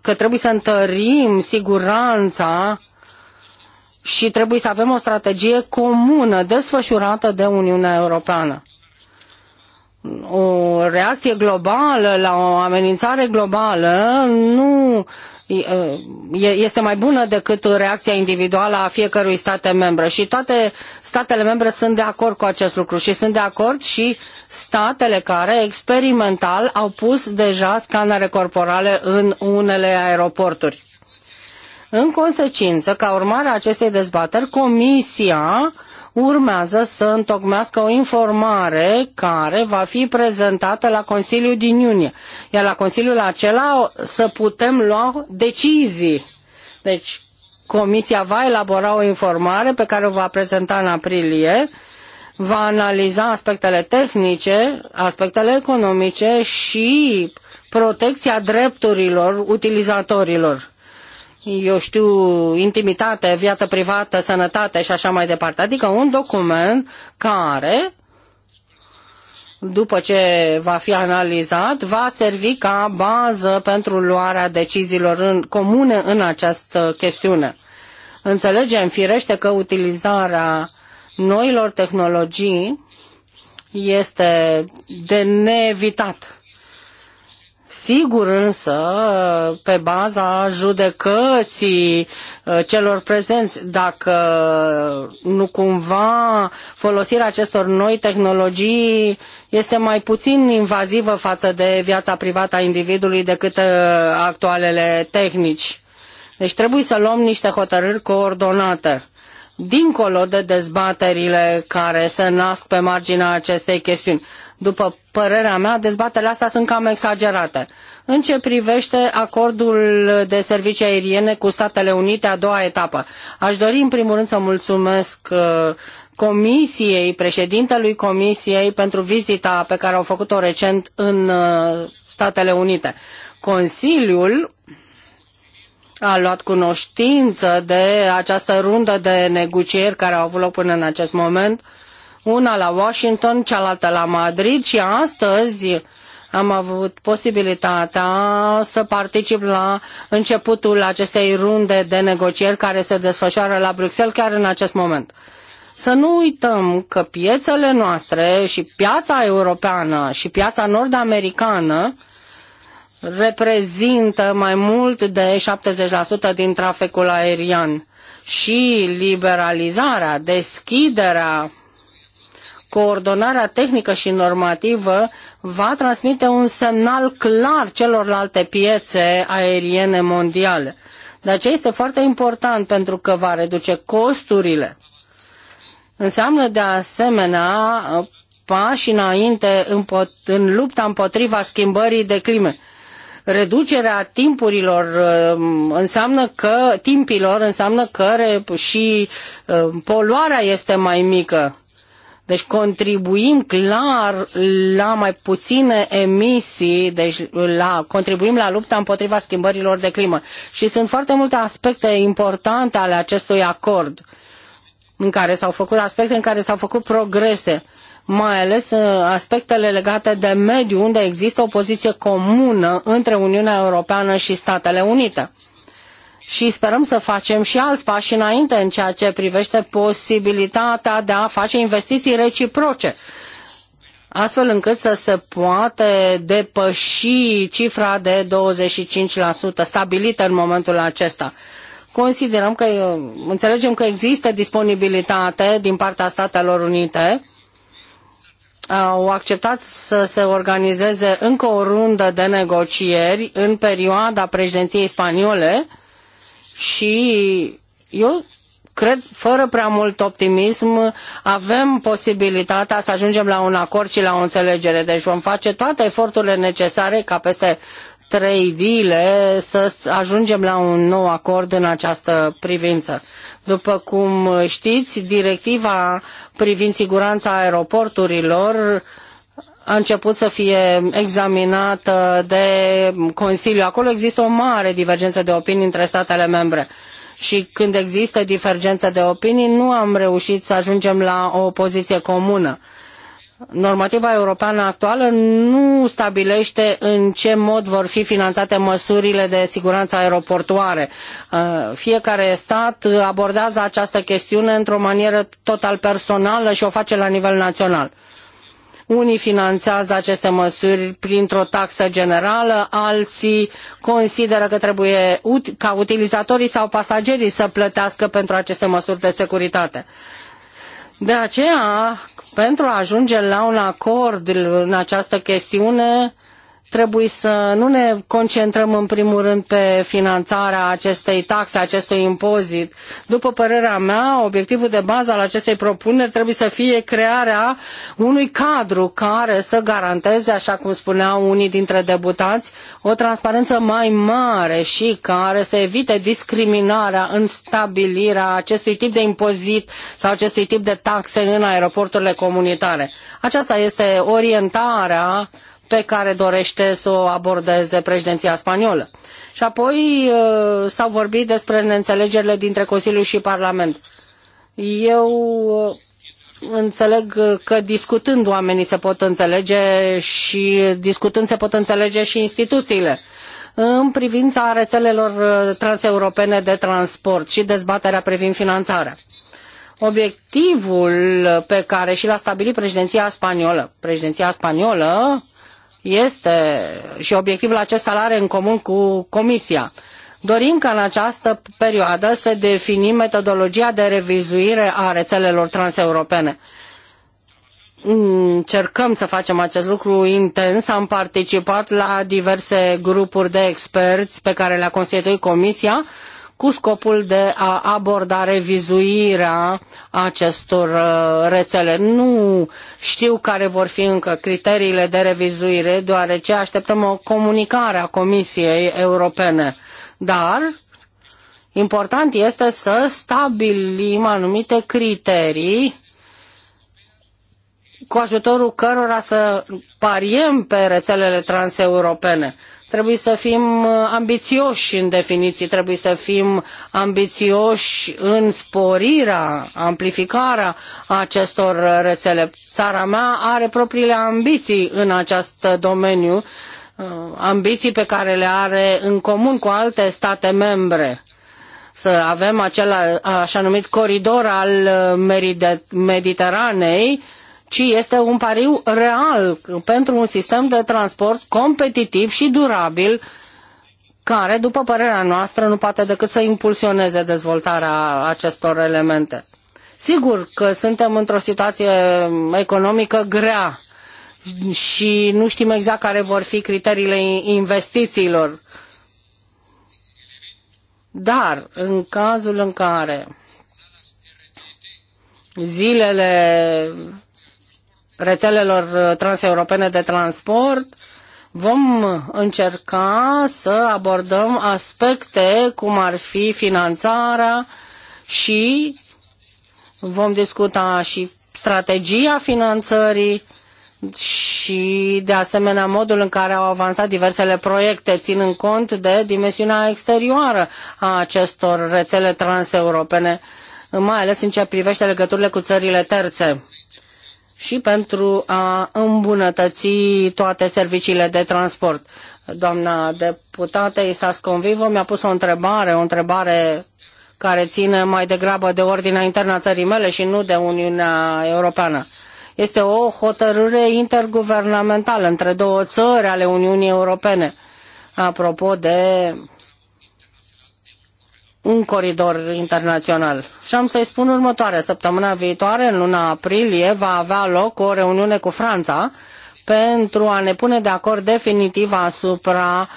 că trebuie să întărim siguranța și trebuie să avem o strategie comună desfășurată de Uniunea Europeană o reacție globală la o amenințare globală nu este mai bună decât reacția individuală a fiecărui stat membru și toate statele membre sunt de acord cu acest lucru și sunt de acord și statele care experimental au pus deja scanere corporale în unele aeroporturi. În consecință, ca urmare a acestei dezbateri, Comisia urmează să întocmească o informare care va fi prezentată la Consiliul din iunie, iar la Consiliul acela să putem lua decizii. Deci, Comisia va elabora o informare pe care o va prezenta în aprilie, va analiza aspectele tehnice, aspectele economice și protecția drepturilor utilizatorilor eu știu, intimitate, viață privată, sănătate și așa mai departe. Adică un document care, după ce va fi analizat, va servi ca bază pentru luarea deciziilor în, comune în această chestiune. Înțelegem firește că utilizarea noilor tehnologii este de neevitat Sigur însă, pe baza judecății uh, celor prezenți, dacă nu cumva folosirea acestor noi tehnologii este mai puțin invazivă față de viața privată a individului decât uh, actualele tehnici. Deci trebuie să luăm niște hotărâri coordonate dincolo de dezbaterile care se nasc pe marginea acestei chestiuni. După părerea mea, dezbaterile astea sunt cam exagerate. În ce privește acordul de servicii aeriene cu Statele Unite, a doua etapă, aș dori în primul rând să mulțumesc uh, Comisiei, președintelui Comisiei pentru vizita pe care au făcut-o recent în uh, Statele Unite. Consiliul a luat cunoștință de această rundă de negocieri care au avut loc până în acest moment, una la Washington, cealaltă la Madrid și astăzi am avut posibilitatea să particip la începutul acestei runde de negocieri care se desfășoară la Bruxelles chiar în acest moment. Să nu uităm că piețele noastre și piața europeană și piața nord-americană uh, reprezintă mai mult de 70% din traficul aerian și liberalizarea, deschiderea, coordonarea tehnică și normativă va transmite un semnal clar celorlalte piețe aeriene mondiale. De aceea este foarte important pentru că va reduce costurile. Înseamnă de asemenea pași înainte în lupta împotriva schimbării de climă reducerea timpurilor uh, înseamnă că timpilor înseamnă că și uh, poluarea este mai mică. Deci contribuim clar la mai puține emisii, deci la, contribuim la lupta împotriva schimbărilor de climă. Și sunt foarte multe aspecte importante ale acestui acord în care s-au făcut aspecte în care s-au făcut progrese mai ales uh, aspectele legate de mediu, unde există o poziție comună între Uniunea Europeană și Statele Unite. Și sperăm să facem și alți pași înainte în ceea ce privește posibilitatea de a face investiții reciproce astfel încât să se poate depăși cifra de 25% stabilită în momentul acesta. Considerăm că uh, înțelegem că există disponibilitate din partea Statelor Unite au acceptat să se organizeze încă o rundă de negocieri în perioada președinției spaniole și eu cred, fără prea mult optimism, avem posibilitatea să ajungem la un acord și la o înțelegere. Deci vom face toate eforturile necesare ca peste trei vile să ajungem la un nou acord în această privință. După cum știți, directiva privind siguranța aeroporturilor a început să fie examinată de Consiliu. Acolo există o mare divergență de opinii între statele membre și când există divergență de opinii, nu am reușit să ajungem la o poziție comună. Normativa europeană actuală nu stabilește în ce mod vor fi finanțate măsurile de siguranță aeroportuare. Uh, fiecare stat abordează această chestiune într-o manieră total personală și o face la nivel național. Unii finanțează aceste măsuri printr-o taxă generală, alții consideră că trebuie ca utilizatorii sau pasagerii să plătească pentru aceste măsuri de securitate. De aceea, pentru a ajunge la un acord în această chestiune, Trebuie să nu ne concentrăm în primul rând pe finanțarea acestei taxe, acestui impozit. După părerea mea, obiectivul de bază al acestei propuneri trebuie să fie crearea unui cadru care să garanteze, așa cum spuneau unii dintre deputați, o transparență mai mare și care să evite discriminarea în stabilirea acestui tip de impozit sau acestui tip de taxe în aeroporturile comunitare. Aceasta este orientarea pe care dorește să o abordeze președinția spaniolă. Și apoi uh, s-au vorbit despre neînțelegerile dintre Consiliu și Parlament. Eu uh, înțeleg că discutând oamenii se pot înțelege și discutând se pot înțelege și instituțiile în privința rețelelor uh, transeuropene de transport și dezbaterea privind finanțarea. Obiectivul pe care și l-a stabilit președinția spaniolă, președinția spaniolă este și obiectivul acesta îl are în comun cu Comisia. Dorim ca în această perioadă să definim metodologia de revizuire a rețelelor transeuropene. Încercăm să facem acest lucru intens. Am participat la diverse grupuri de experți pe care le-a constituit Comisia cu scopul de a aborda revizuirea acestor uh, rețele. Nu știu care vor fi încă criteriile de revizuire, deoarece așteptăm o comunicare a Comisiei Europene. Dar important este să stabilim anumite criterii cu ajutorul cărora să pariem pe rețelele transeuropene. Trebuie să fim uh, ambițioși în definiții, trebuie să fim ambițioși în sporirea, amplificarea acestor rețele. Țara mea are propriile ambiții în acest domeniu, uh, ambiții pe care le are în comun cu alte state membre să avem acel așa numit coridor al uh, Mediteranei, ci este un pariu real pentru un sistem de transport competitiv și durabil care, după părerea noastră, nu poate decât să impulsioneze dezvoltarea acestor elemente. Sigur că suntem într-o situație economică grea și nu știm exact care vor fi criteriile investițiilor. Dar în cazul în care zilele rețelelor transeuropene de transport, vom încerca să abordăm aspecte cum ar fi finanțarea și vom discuta și strategia finanțării și de asemenea modul în care au avansat diversele proiecte, ținând cont de dimensiunea exterioară a acestor rețele transeuropene, mai ales în ce privește legăturile cu țările terțe și pentru a îmbunătăți toate serviciile de transport. Doamna deputată Isas Convivo mi-a pus o întrebare, o întrebare care ține mai degrabă de ordinea internă a țării mele și nu de Uniunea Europeană. Este o hotărâre interguvernamentală între două țări ale Uniunii Europene. Apropo de un coridor internațional. Și am să-i spun următoarea. Săptămâna viitoare, în luna aprilie, va avea loc o reuniune cu Franța pentru a ne pune de acord definitiv asupra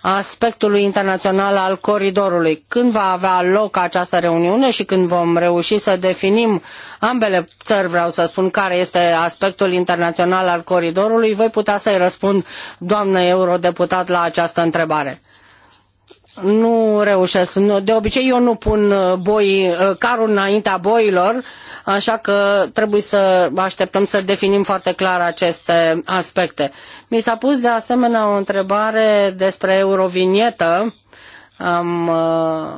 aspectului internațional al coridorului. Când va avea loc această reuniune și când vom reuși să definim ambele țări, vreau să spun, care este aspectul internațional al coridorului, voi putea să-i răspund, doamnă eurodeputat, la această întrebare nu reușesc. De obicei eu nu pun uh, boi, uh, carul înaintea boilor, așa că trebuie să așteptăm să definim foarte clar aceste aspecte. Mi s-a pus de asemenea o întrebare despre eurovinietă. Am, uh,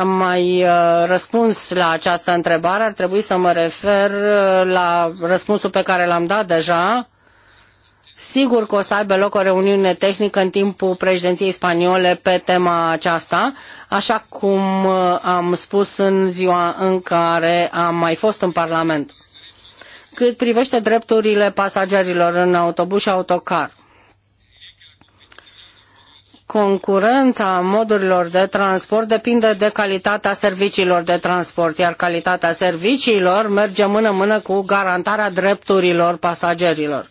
am mai răspuns la această întrebare, ar trebui să mă refer la răspunsul pe care l-am dat deja Sigur că o să aibă loc o reuniune tehnică în timpul președinției spaniole pe tema aceasta, așa cum uh, am spus în ziua în care am mai fost în Parlament. Cât privește drepturile pasagerilor în autobuz și autocar, concurența modurilor de transport depinde de calitatea serviciilor de transport, iar calitatea serviciilor merge mână-mână cu garantarea drepturilor pasagerilor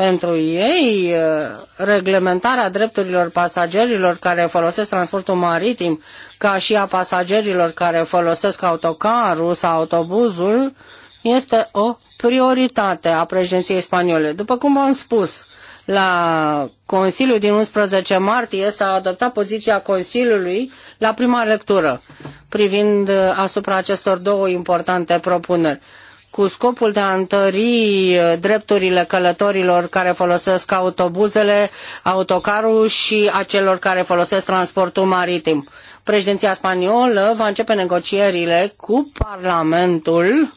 pentru ei, uh, reglementarea drepturilor pasagerilor care folosesc transportul maritim, ca și a pasagerilor care folosesc autocarul sau autobuzul, este o prioritate a președinției spaniole. După cum am spus, la Consiliul din 11 martie s-a adoptat poziția Consiliului la prima lectură privind uh, asupra acestor două importante propuneri cu scopul de a întări uh, drepturile călătorilor care folosesc autobuzele, autocarul și a celor care folosesc transportul maritim. Președinția spaniolă va începe negocierile cu Parlamentul,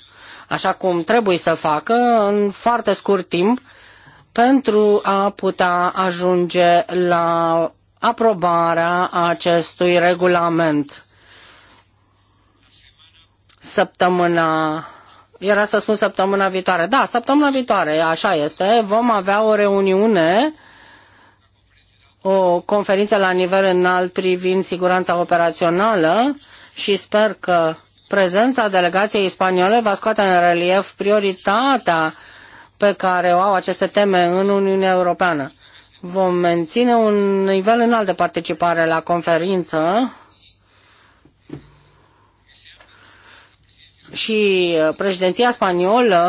așa cum trebuie să facă, în foarte scurt timp, pentru a putea ajunge la aprobarea acestui regulament. Săptămâna era să spun săptămâna viitoare. Da, săptămâna viitoare, așa este. Vom avea o reuniune, o conferință la nivel înalt privind siguranța operațională și sper că prezența delegației spaniole va scoate în relief prioritatea pe care o au aceste teme în Uniunea Europeană. Vom menține un nivel înalt de participare la conferință și uh, președinția spaniolă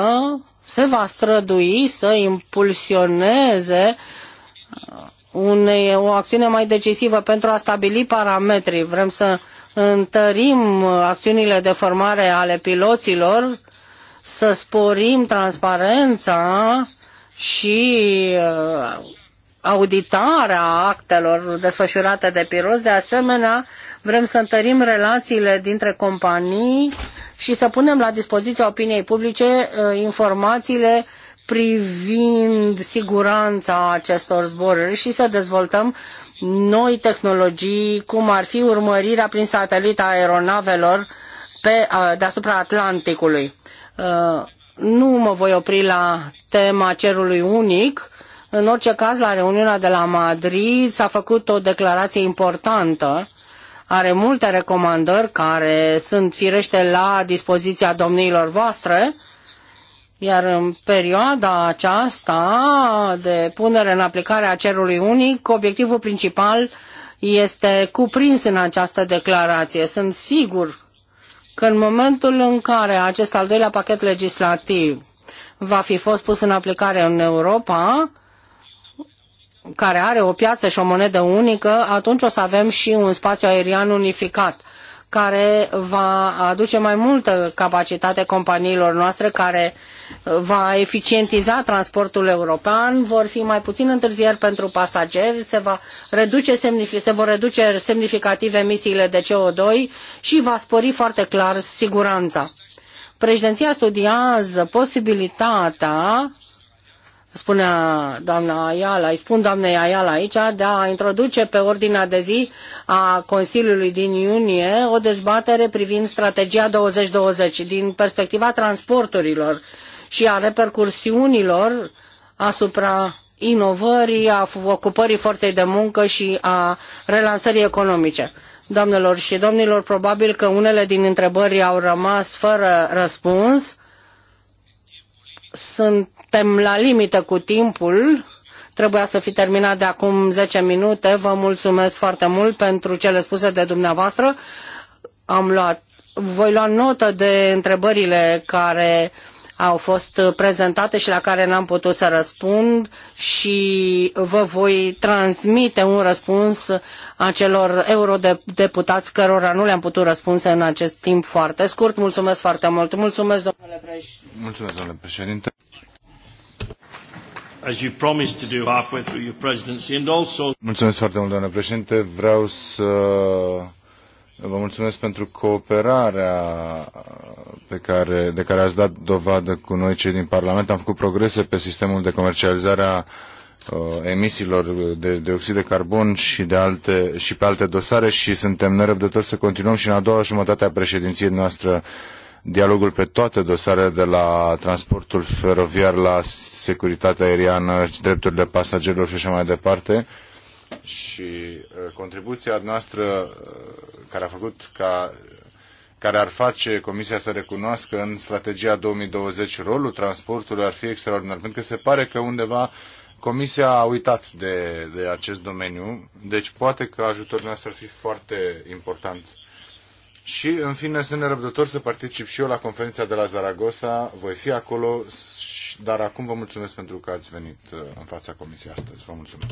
se va strădui să impulsioneze uh, une, o acțiune mai decisivă pentru a stabili parametrii. Vrem să întărim uh, acțiunile de formare ale piloților, să sporim transparența și auditarea actelor desfășurate de piros. de asemenea Vrem să întărim relațiile dintre companii și să punem la dispoziția opiniei publice uh, informațiile privind siguranța acestor zboruri și să dezvoltăm noi tehnologii, cum ar fi urmărirea prin satelit a aeronavelor pe, uh, deasupra Atlanticului. Uh, nu mă voi opri la tema cerului unic. În orice caz, la reuniunea de la Madrid s-a făcut o declarație importantă are multe recomandări care sunt firește la dispoziția domniilor voastre, iar în perioada aceasta de punere în aplicare a cerului unic, obiectivul principal este cuprins în această declarație. Sunt sigur că în momentul în care acest al doilea pachet legislativ va fi fost pus în aplicare în Europa, care are o piață și o monedă unică, atunci o să avem și un spațiu aerian unificat care va aduce mai multă capacitate companiilor noastre, care uh, va eficientiza transportul european, vor fi mai puțin întârzieri pentru pasageri, se, va reduce, se vor reduce semnificativ emisiile de CO2 și va spori foarte clar siguranța. Președinția studiază posibilitatea spunea doamna Ayala, îi spun doamnei Ayala aici, de a introduce pe ordinea de zi a Consiliului din iunie o dezbatere privind strategia 2020 din perspectiva transporturilor și a repercursiunilor asupra inovării, a ocupării forței de muncă și a relansării economice. Doamnelor și domnilor, probabil că unele din întrebări au rămas fără răspuns. Sunt suntem la limită cu timpul. Trebuia să fi terminat de acum 10 minute. Vă mulțumesc foarte mult pentru cele spuse de dumneavoastră. Am luat, voi lua notă de întrebările care au fost prezentate și la care n-am putut să răspund și vă voi transmite un răspuns acelor eurodeputați cărora nu le-am putut răspunde în acest timp foarte scurt. Mulțumesc foarte mult. Mulțumesc, domnule președinte. Mulțumesc, domnule președinte as you promised to do halfway through your presidency and also... Mulțumesc foarte mult, doamnă președinte. Vreau să vă mulțumesc pentru cooperarea pe care, de care ați dat dovadă cu noi cei din Parlament. Am făcut progrese pe sistemul de comercializare a uh, emisiilor de dioxid de carbon și, de alte, și pe alte dosare și suntem nerăbdători să continuăm și în a doua jumătate a președinției noastre dialogul pe toate dosarele de la transportul feroviar la securitatea aeriană, drepturile pasagerilor și așa mai departe. Și uh, contribuția noastră uh, care a făcut ca care ar face Comisia să recunoască în strategia 2020 rolul transportului ar fi extraordinar, pentru că se pare că undeva Comisia a uitat de, de acest domeniu, deci poate că ajutorul nostru ar fi foarte important și, în fine, sunt nerăbdător să particip și eu la conferința de la Zaragoza. Voi fi acolo, dar acum vă mulțumesc pentru că ați venit uh, în fața comisiei astăzi. Vă mulțumesc.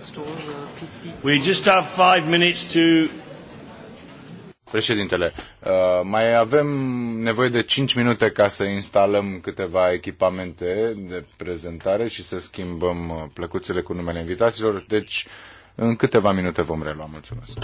Uh, We just have five minutes to... Președintele, uh, mai avem nevoie de 5 minute ca să instalăm câteva echipamente de prezentare și să schimbăm uh, plăcuțele cu numele invitaților, deci în câteva minute vom relua. Mulțumesc!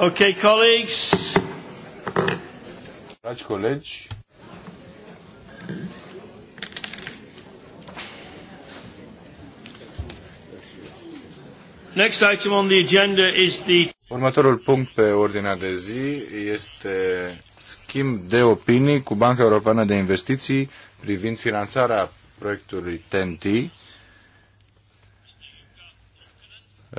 Okay, colleagues. Dragi colegi. Next item on the agenda is the Următorul punct pe ordinea de zi este schimb de opinii cu Banca Europeană de Investiții privind finanțarea proiectului TEN-T,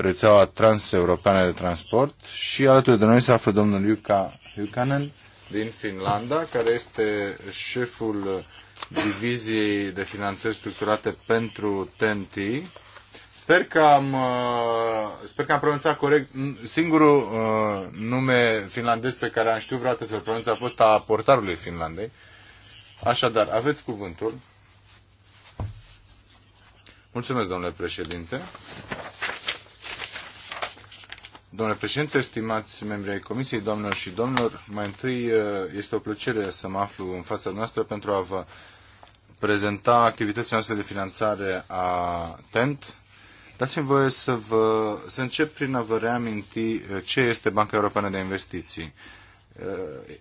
rețeaua transeuropeană de transport și alături de noi se află domnul Iuka Hukanen din Finlanda, care este șeful diviziei de finanțări structurate pentru TNT. Sper că am, uh, sper că am pronunțat corect. Singurul uh, nume finlandez pe care am știut vreodată să-l pronunț a fost a portarului Finlandei. Așadar, aveți cuvântul. Mulțumesc, domnule președinte. Domnule președinte, stimați membri ai Comisiei, doamnelor și domnilor, mai întâi uh, este o plăcere să mă aflu în fața noastră pentru a vă prezenta activitățile noastre de finanțare a TENT. Dați-mi voie să, vă, să încep prin a vă reaminti uh, ce este Banca Europeană de Investiții. Uh,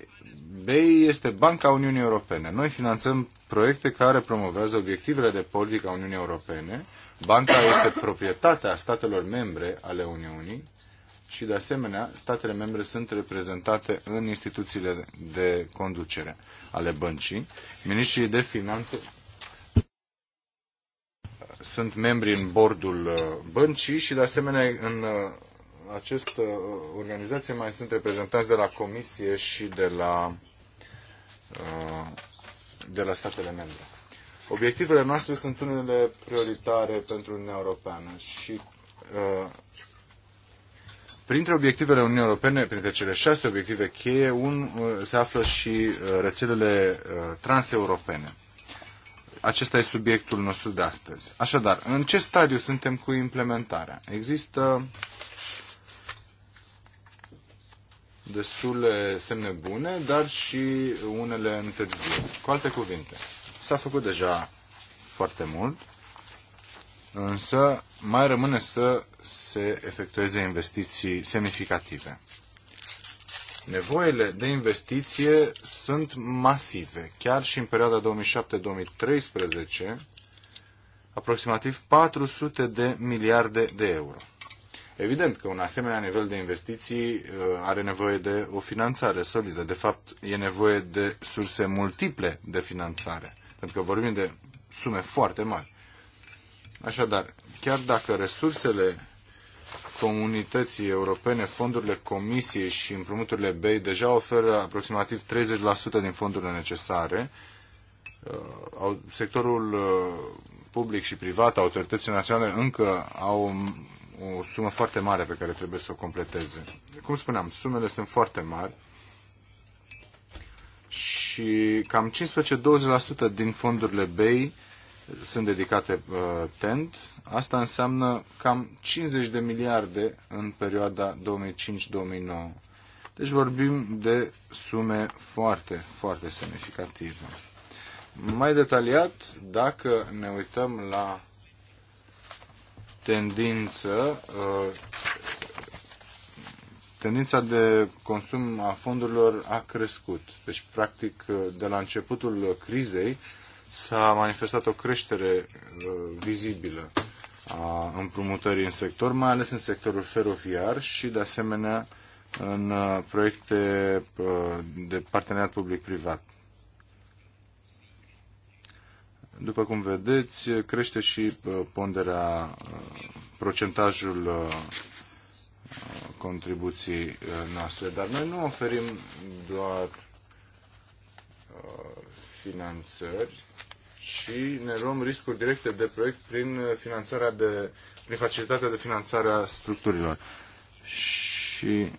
BEI este Banca Uniunii Europene. Noi finanțăm proiecte care promovează obiectivele de politică a Uniunii Europene. Banca este proprietatea statelor membre ale Uniunii și, de asemenea, statele membre sunt reprezentate în instituțiile de conducere ale băncii. Ministrii de finanțe sunt membri în bordul uh, băncii și, de asemenea, în uh, această uh, organizație mai sunt reprezentanți de la Comisie și de la, de la statele membre. Obiectivele noastre sunt unele prioritare pentru Uniunea Europeană și Printre obiectivele Uniunii Europene, printre cele șase obiective cheie, un, uh, se află și uh, rețelele uh, transeuropene. Acesta e subiectul nostru de astăzi. Așadar, în ce stadiu suntem cu implementarea? Există destule semne bune, dar și unele întârzieri. Cu alte cuvinte, s-a făcut deja foarte mult, însă mai rămâne să se efectueze investiții semnificative. Nevoile de investiție sunt masive. Chiar și în perioada 2007-2013, aproximativ 400 de miliarde de euro. Evident că un asemenea nivel de investiții uh, are nevoie de o finanțare solidă. De fapt, e nevoie de surse multiple de finanțare, pentru că vorbim de sume foarte mari. Așadar, chiar dacă resursele comunității europene, fondurile Comisiei și împrumuturile BEI deja oferă aproximativ 30% din fondurile necesare. Uh, sectorul uh, public și privat, autoritățile naționale încă au o sumă foarte mare pe care trebuie să o completeze. Cum spuneam, sumele sunt foarte mari și cam 15-20% din fondurile BEI sunt dedicate uh, TENT. Asta înseamnă cam 50 de miliarde în perioada 2005-2009. Deci vorbim de sume foarte, foarte semnificative. Mai detaliat, dacă ne uităm la tendință, uh, tendința de consum a fondurilor a crescut. Deci, practic, uh, de la începutul crizei, s-a manifestat o creștere uh, vizibilă a împrumutării în sector, mai ales în sectorul feroviar și, de asemenea, în uh, proiecte uh, de parteneriat public-privat. După cum vedeți, crește și ponderea, procentajul contribuției noastre. Dar noi nu oferim doar finanțări, și ne luăm riscuri directe de proiect prin finanțarea de, prin facilitatea de finanțare a structurilor. Și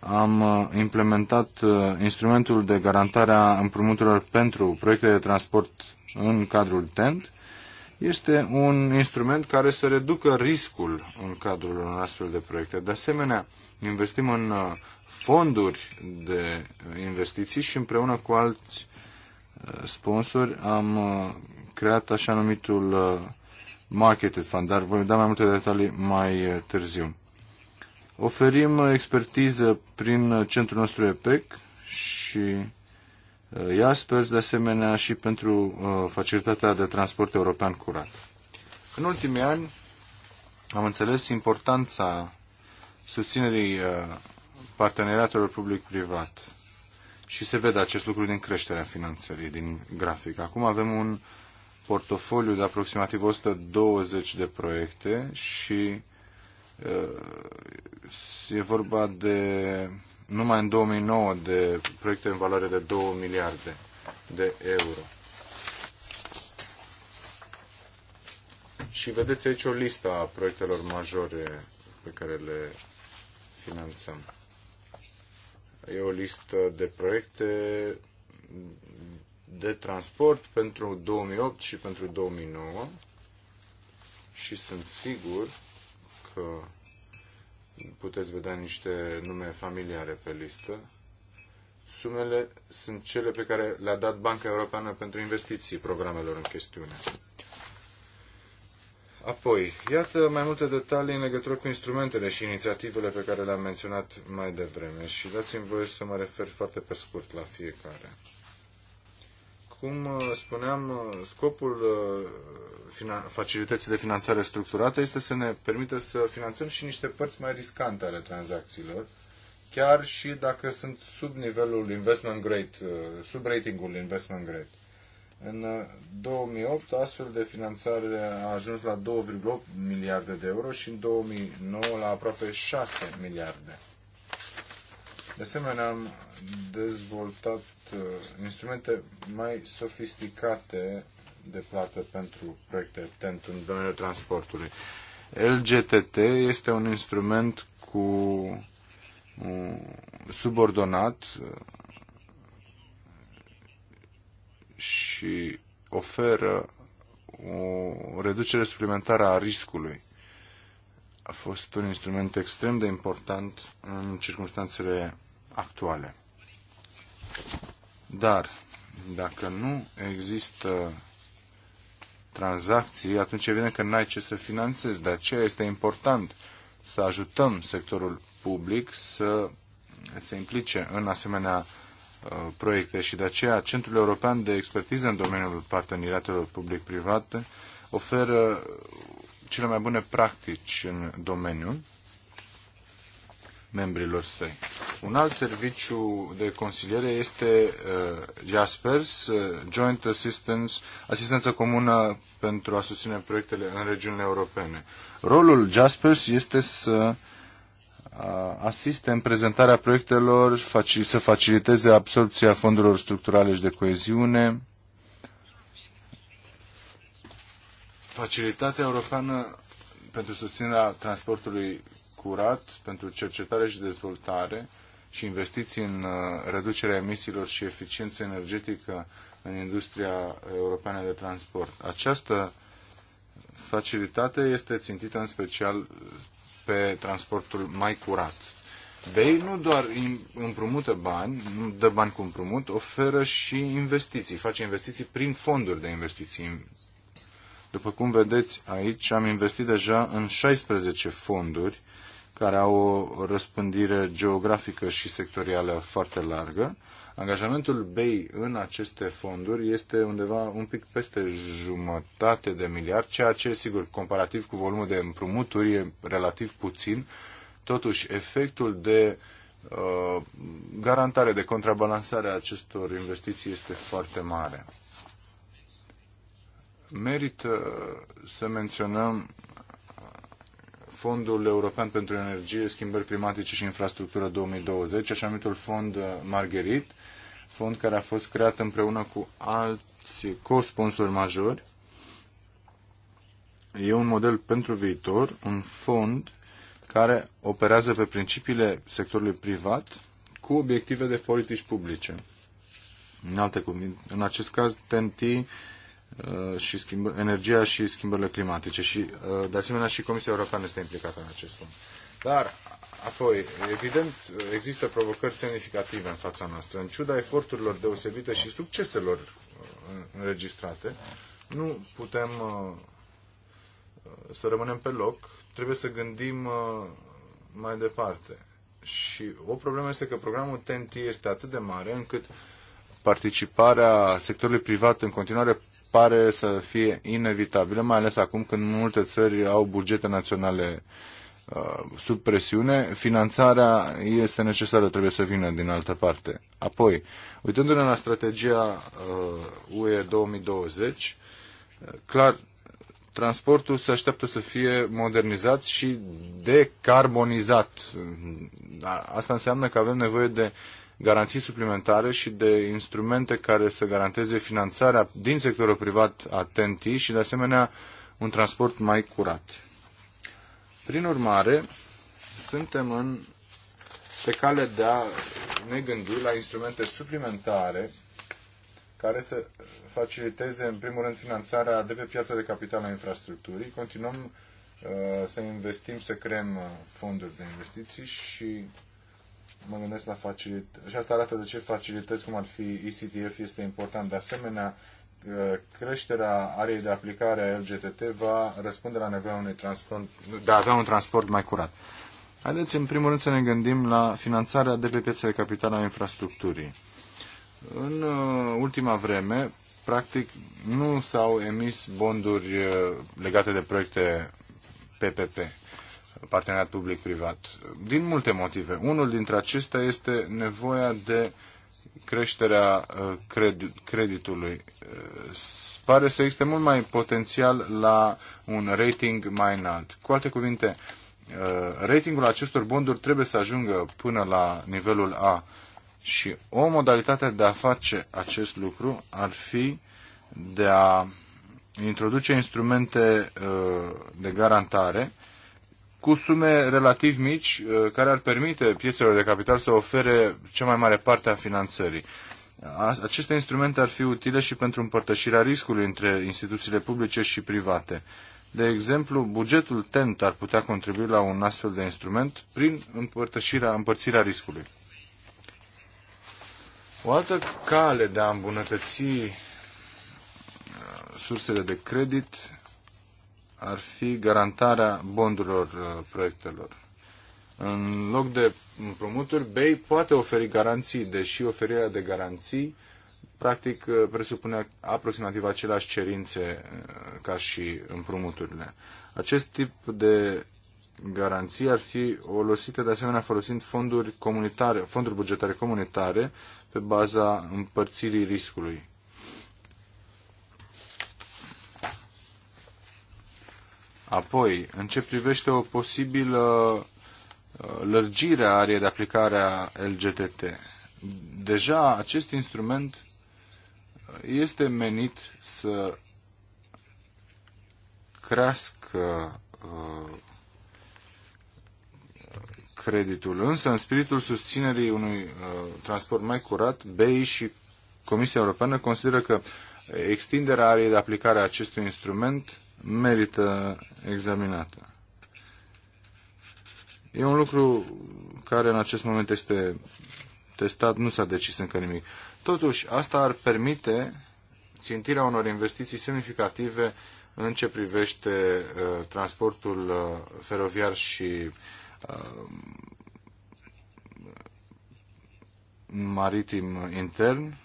am uh, implementat uh, instrumentul de garantare a împrumuturilor pentru proiecte de transport în cadrul TENT. Este un instrument care să reducă riscul în cadrul unor astfel de proiecte. De asemenea, investim în uh, fonduri de investiții și împreună cu alți sponsori am creat așa numitul uh, marketed fund, dar voi da mai multe detalii mai uh, târziu. Oferim uh, expertiză prin centrul nostru EPEC și Jaspers, de asemenea și pentru facilitatea de transport european curat. În ultimii ani am înțeles importanța susținerii parteneriatelor public-privat și se vede acest lucru din creșterea finanțării, din grafic. Acum avem un portofoliu de aproximativ 120 de proiecte și uh, e vorba de numai în 2009 de proiecte în valoare de 2 miliarde de euro. Și vedeți aici o listă a proiectelor majore pe care le finanțăm. E o listă de proiecte de transport pentru 2008 și pentru 2009 și sunt sigur că puteți vedea niște nume familiare pe listă. Sumele sunt cele pe care le-a dat Banca Europeană pentru investiții programelor în chestiune. Apoi, iată mai multe detalii în legătură cu instrumentele și inițiativele pe care le-am menționat mai devreme și dați-mi voie să mă refer foarte pe scurt la fiecare cum uh, spuneam, uh, scopul uh, facilității de finanțare structurată este să ne permită să finanțăm și niște părți mai riscante ale tranzacțiilor, chiar și dacă sunt sub nivelul investment grade, sub ratingul investment grade. În 2008, astfel de finanțare a ajuns la 2,8 miliarde de euro și în 2009 la aproape 6 miliarde. De asemenea, am dezvoltat uh, instrumente mai sofisticate de plată pentru proiecte TENT în domeniul transportului. LGTT este un instrument cu uh, subordonat uh, și oferă o reducere suplimentară a riscului. A fost un instrument extrem de important în circunstanțele actuale. Dar dacă nu există tranzacții, atunci evident că n-ai ce să finanțezi. De aceea este important să ajutăm sectorul public să se implice în asemenea uh, proiecte și de aceea Centrul European de Expertiză în domeniul parteneriatelor public-private oferă cele mai bune practici în domeniu membrilor săi. Un alt serviciu de consiliere este uh, JASPERS, uh, Joint Assistance, asistență comună pentru a susține proiectele în regiunile europene. Rolul JASPERS este să uh, asiste în prezentarea proiectelor, faci, să faciliteze absorpția fondurilor structurale și de coeziune. Facilitatea europeană pentru susținerea transportului curat, pentru cercetare și dezvoltare, și investiții în uh, reducerea emisiilor și eficiență energetică în industria europeană de transport. Această facilitate este țintită în special pe transportul mai curat. BEI nu doar împrumută bani, nu dă bani cu împrumut, oferă și investiții, face investiții prin fonduri de investiții. După cum vedeți aici, am investit deja în 16 fonduri care au o răspândire geografică și sectorială foarte largă. Angajamentul BEI în aceste fonduri este undeva un pic peste jumătate de miliard, ceea ce, sigur, comparativ cu volumul de împrumuturi, e relativ puțin. Totuși, efectul de uh, garantare, de contrabalansare a acestor investiții este foarte mare. Merită uh, să menționăm Fondul European pentru Energie, Schimbări Climatice și Infrastructură 2020, așa numitul fond uh, Margherit, fond care a fost creat împreună cu alți co-sponsori majori. E un model pentru viitor, un fond care operează pe principiile sectorului privat cu obiective de politici publice. În alte cuvinte, în acest caz, TNT Uh, și schimb energia și schimbările climatice și uh, de asemenea și Comisia Europeană este implicată în acest lucru. Dar apoi, evident, există provocări semnificative în fața noastră. În ciuda eforturilor deosebite și succeselor uh, înregistrate, nu putem să rămânem pe loc, trebuie să gândim mai departe. Și o problemă este că programul TNT este atât de mare încât participarea sectorului privat în continuare pare să fie inevitabilă, mai ales acum când multe țări au bugete naționale uh, sub presiune, finanțarea este necesară, trebuie să vină din altă parte. Apoi, uitându-ne la strategia uh, UE 2020, uh, clar, transportul se așteaptă să fie modernizat și decarbonizat. Da, asta înseamnă că avem nevoie de uh, garanții suplimentare și de instrumente care să garanteze finanțarea din sectorul privat a TNT și, de asemenea, un transport mai curat. Prin urmare, suntem în, pe cale de a ne gândi la instrumente suplimentare care să faciliteze, în primul rând, finanțarea de pe piața de capital a infrastructurii. Continuăm uh, să investim, să creăm uh, fonduri de investiții și mă gândesc la facilități. Și asta arată de ce facilități, cum ar fi ECTF, este important. De asemenea, uh, creșterea arei de aplicare a LGTT va răspunde la nevoia unui transport, de a avea un transport mai curat. Haideți, în primul rând, să ne gândim la finanțarea de pe piața de capital a infrastructurii. În uh, ultima vreme, practic, nu s-au emis bonduri uh, legate de proiecte PPP parteneriat public-privat. Din multe motive. Unul dintre acestea este nevoia de creșterea uh, creditului. Uh, pare să existe mult mai potențial la un rating mai înalt. Cu alte cuvinte, uh, ratingul acestor bonduri trebuie să ajungă până la nivelul A. Și o modalitate de a face acest lucru ar fi de a introduce instrumente de garantare cu sume relativ mici uh, care ar permite piețelor de capital să ofere cea mai mare parte a finanțării. Aceste instrumente ar fi utile și pentru împărtășirea riscului între instituțiile publice și private. De exemplu, bugetul TENT ar putea contribui la un astfel de instrument prin împărtășirea, împărțirea riscului. O altă cale de a îmbunătăți uh, sursele de credit ar fi garantarea bondurilor uh, proiectelor. În loc de împrumuturi, BEI poate oferi garanții, deși oferirea de garanții practic uh, presupune aproximativ aceleași cerințe uh, ca și împrumuturile. Acest tip de garanții ar fi folosite de asemenea folosind fonduri comunitare, fonduri bugetare comunitare pe baza împărțirii riscului. Apoi, în ce privește o posibilă uh, lărgire a ariei de aplicare a LGTT, deja acest instrument uh, este menit să crească uh, creditul, însă în spiritul susținerii unui transport mai curat, BEI și Comisia Europeană consideră că extinderea ariei de aplicare a acestui instrument merită examinată. E un lucru care în acest moment este testat, nu s-a decis încă nimic. Totuși, asta ar permite țintirea unor investiții semnificative în ce privește uh, transportul uh, feroviar și uh, maritim intern,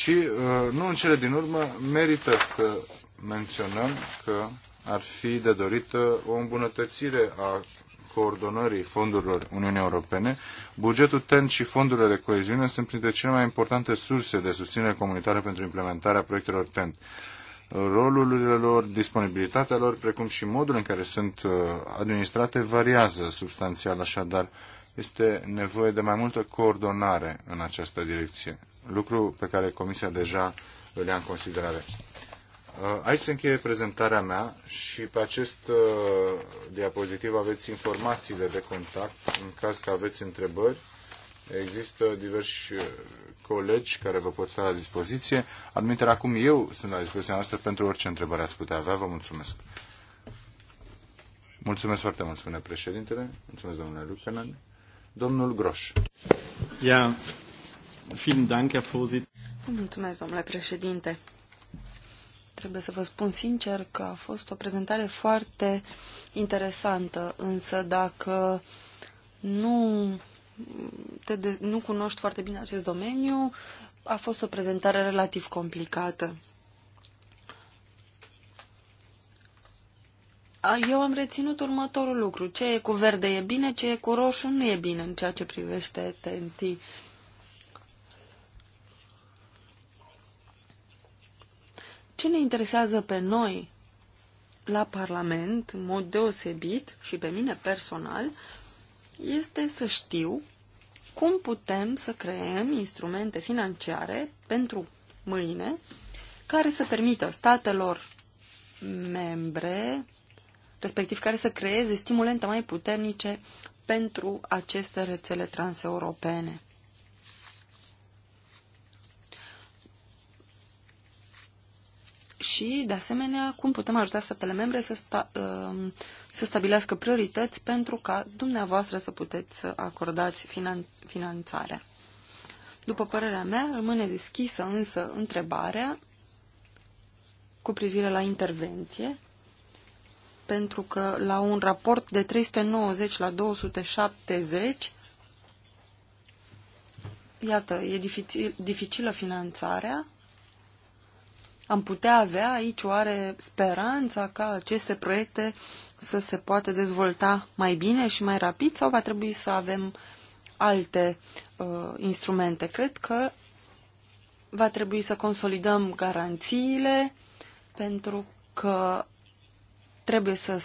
Și, uh, nu în cele din urmă, merită să menționăm că ar fi de dorită o îmbunătățire a coordonării fondurilor Uniunii Europene, bugetul TEN și fondurile de coeziune sunt printre cele mai importante surse de susținere comunitară pentru implementarea proiectelor TEN. Rolurile lor, disponibilitatea lor, precum și modul în care sunt uh, administrate, variază substanțial, așadar este nevoie de mai multă coordonare în această direcție lucru pe care Comisia deja îl ia în considerare. Uh, aici se încheie prezentarea mea și pe acest uh, diapozitiv aveți informațiile de contact. În caz că aveți întrebări, există diversi uh, colegi care vă pot sta la dispoziție. Admitere, acum eu sunt la dispoziția noastră pentru orice întrebare ați putea avea. Vă mulțumesc. Mulțumesc foarte mult, spune președintele. Mulțumesc, domnule Lucanan. Domnul Groș. Ia, Mulțumesc, domnule președinte. Trebuie să vă spun sincer că a fost o prezentare foarte interesantă, însă dacă nu, te de, nu cunoști foarte bine acest domeniu, a fost o prezentare relativ complicată. Eu am reținut următorul lucru. Ce e cu verde e bine, ce e cu roșu nu e bine în ceea ce privește TNT. Ce ne interesează pe noi la Parlament, în mod deosebit și pe mine personal, este să știu cum putem să creăm instrumente financiare pentru mâine care să permită statelor membre, respectiv care să creeze stimulente mai puternice pentru aceste rețele transeuropene. și, de asemenea, cum putem ajuta statele membre să, sta, um, să stabilească priorități pentru ca dumneavoastră să puteți să acordați finan, finanțarea. După părerea mea, rămâne deschisă însă întrebarea cu privire la intervenție, pentru că la un raport de 390 la 270, iată, e dificil, dificilă finanțarea, am putea avea aici oare speranța ca aceste proiecte să se poată dezvolta mai bine și mai rapid sau va trebui să avem alte uh, instrumente? Cred că va trebui să consolidăm garanțiile pentru că trebuie să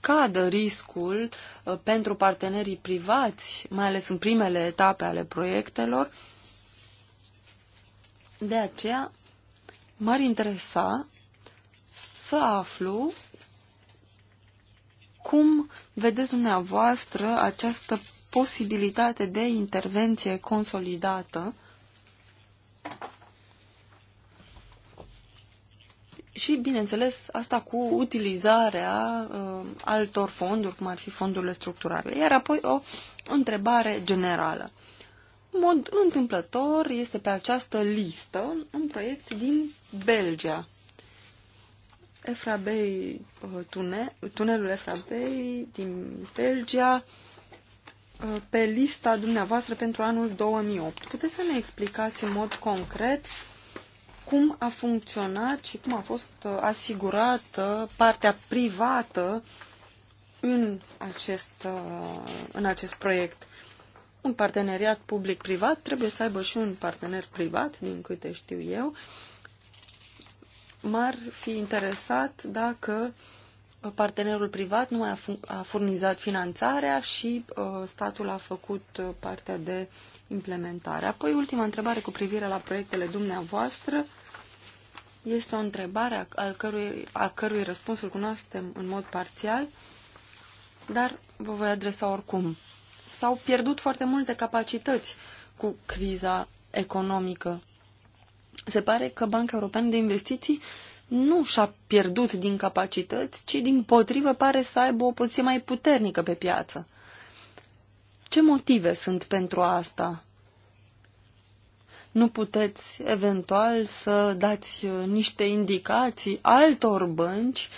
scadă riscul uh, pentru partenerii privați, mai ales în primele etape ale proiectelor. De aceea M-ar interesa să aflu cum vedeți dumneavoastră această posibilitate de intervenție consolidată și, bineînțeles, asta cu utilizarea uh, altor fonduri, cum ar fi fondurile structurale. Iar apoi o întrebare generală în mod întâmplător este pe această listă un proiect din Belgia. Efrabei, uh, tune, tunelul Efrabei din Belgia uh, pe lista dumneavoastră pentru anul 2008. Puteți să ne explicați în mod concret cum a funcționat și cum a fost uh, asigurată partea privată în acest, în acest proiect? Un parteneriat public-privat trebuie să aibă și un partener privat, din câte știu eu. M-ar fi interesat dacă uh, partenerul privat nu a, a furnizat finanțarea și uh, statul a făcut uh, partea de implementare. Apoi, ultima întrebare cu privire la proiectele dumneavoastră este o întrebare al cărui, a cărui răspunsul cunoaștem în mod parțial, dar vă voi adresa oricum s-au pierdut foarte multe capacități cu criza economică. Se pare că Banca Europeană de Investiții nu și-a pierdut din capacități, ci din potrivă pare să aibă o poziție mai puternică pe piață. Ce motive sunt pentru asta? Nu puteți eventual să dați uh, niște indicații altor bănci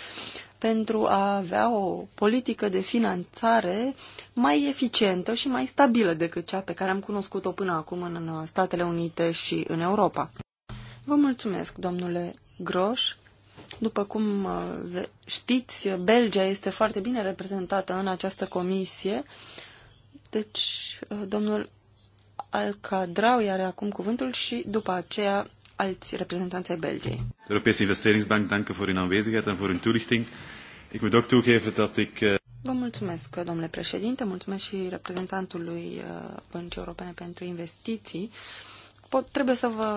pentru a avea o politică de finanțare mai eficientă și mai stabilă decât cea pe care am cunoscut-o până acum în Statele Unite și în Europa. Vă mulțumesc, domnule Groș. După cum uh, știți, Belgia este foarte bine reprezentată în această comisie. Deci, uh, domnul Alcadrau are acum cuvântul și după aceea alți reprezentanți ai Belgiei. De Europese Investeringsbank, danke voor uw aanwezigheid en voor uw toelichting. Ik moet ook toegeven dat ik... Eh, vă mulțumesc, domnule președinte, mulțumesc și reprezentantului eh, Băncii Europene pentru Investiții. Pot, trebuie să vă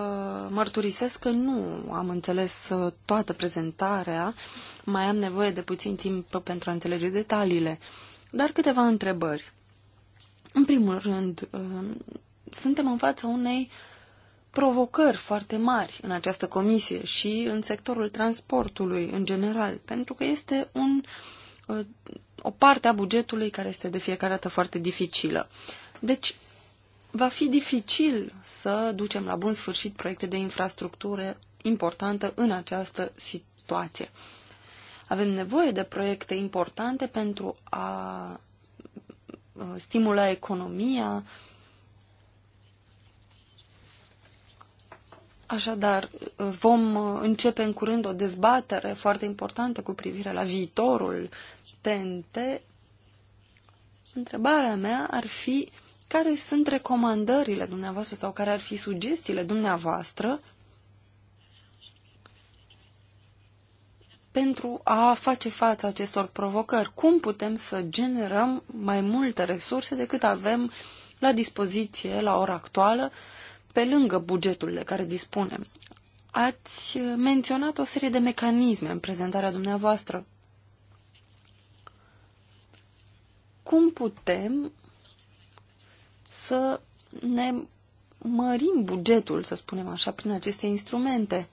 mărturisesc că nu am înțeles eh, toată prezentarea, mai am nevoie de puțin timp pentru a înțelege detaliile, dar câteva întrebări. În primul rând, suntem în fața unei uh, provocări foarte mari în această comisie și în sectorul transportului în general, pentru că este un, uh, o parte a bugetului care este de fiecare dată foarte dificilă. Deci, va fi dificil să ducem la bun sfârșit proiecte de infrastructură importantă în această situație. Avem nevoie de proiecte importante pentru a uh, stimula economia, Așadar, vom uh, începe în curând o dezbatere foarte importantă cu privire la viitorul TNT. Întrebarea mea ar fi care sunt recomandările dumneavoastră sau care ar fi sugestiile dumneavoastră pentru a face față acestor provocări? Cum putem să generăm mai multe resurse decât avem la dispoziție la ora actuală pe lângă bugetul de care dispunem. Ați menționat o serie de mecanisme în prezentarea dumneavoastră. Cum putem să ne mărim bugetul, să spunem așa, prin aceste instrumente?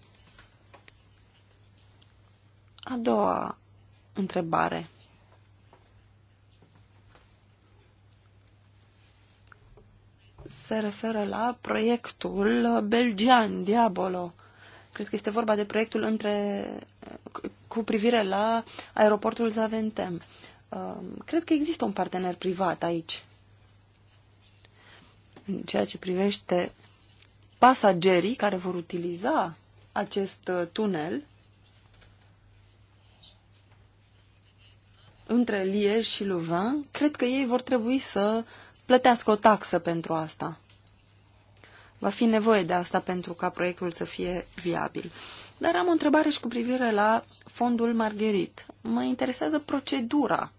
A doua întrebare. se referă la proiectul belgian Diabolo. Cred că este vorba de proiectul între, cu privire la aeroportul Zaventem. Um, cred că există un partener privat aici. În ceea ce privește pasagerii care vor utiliza acest uh, tunel între Liege și Louvain, cred că ei vor trebui să uh, plătească o taxă pentru asta. Va fi nevoie de asta pentru ca proiectul să fie viabil. Dar am o întrebare și cu privire la fondul Margherit. Mă interesează procedura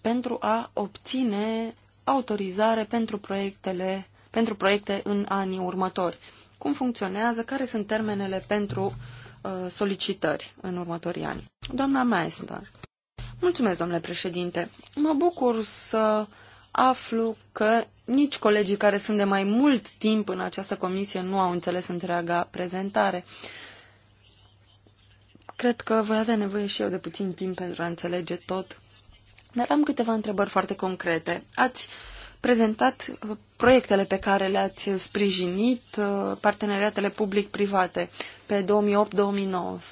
pentru a obține autorizare pentru proiectele pentru proiecte în anii următori. Cum funcționează, care sunt termenele pentru uh, solicitări în următorii ani. Doamna Meissner. Mulțumesc, domnule președinte. Mă bucur să uh, aflu că nici colegii care sunt de mai mult timp în această comisie nu au înțeles întreaga prezentare. Cred că voi avea nevoie și eu de puțin timp pentru a înțelege tot. Dar am câteva întrebări foarte concrete. Ați prezentat uh, proiectele pe care le-ați sprijinit, uh, parteneriatele public-private pe 2008-2009.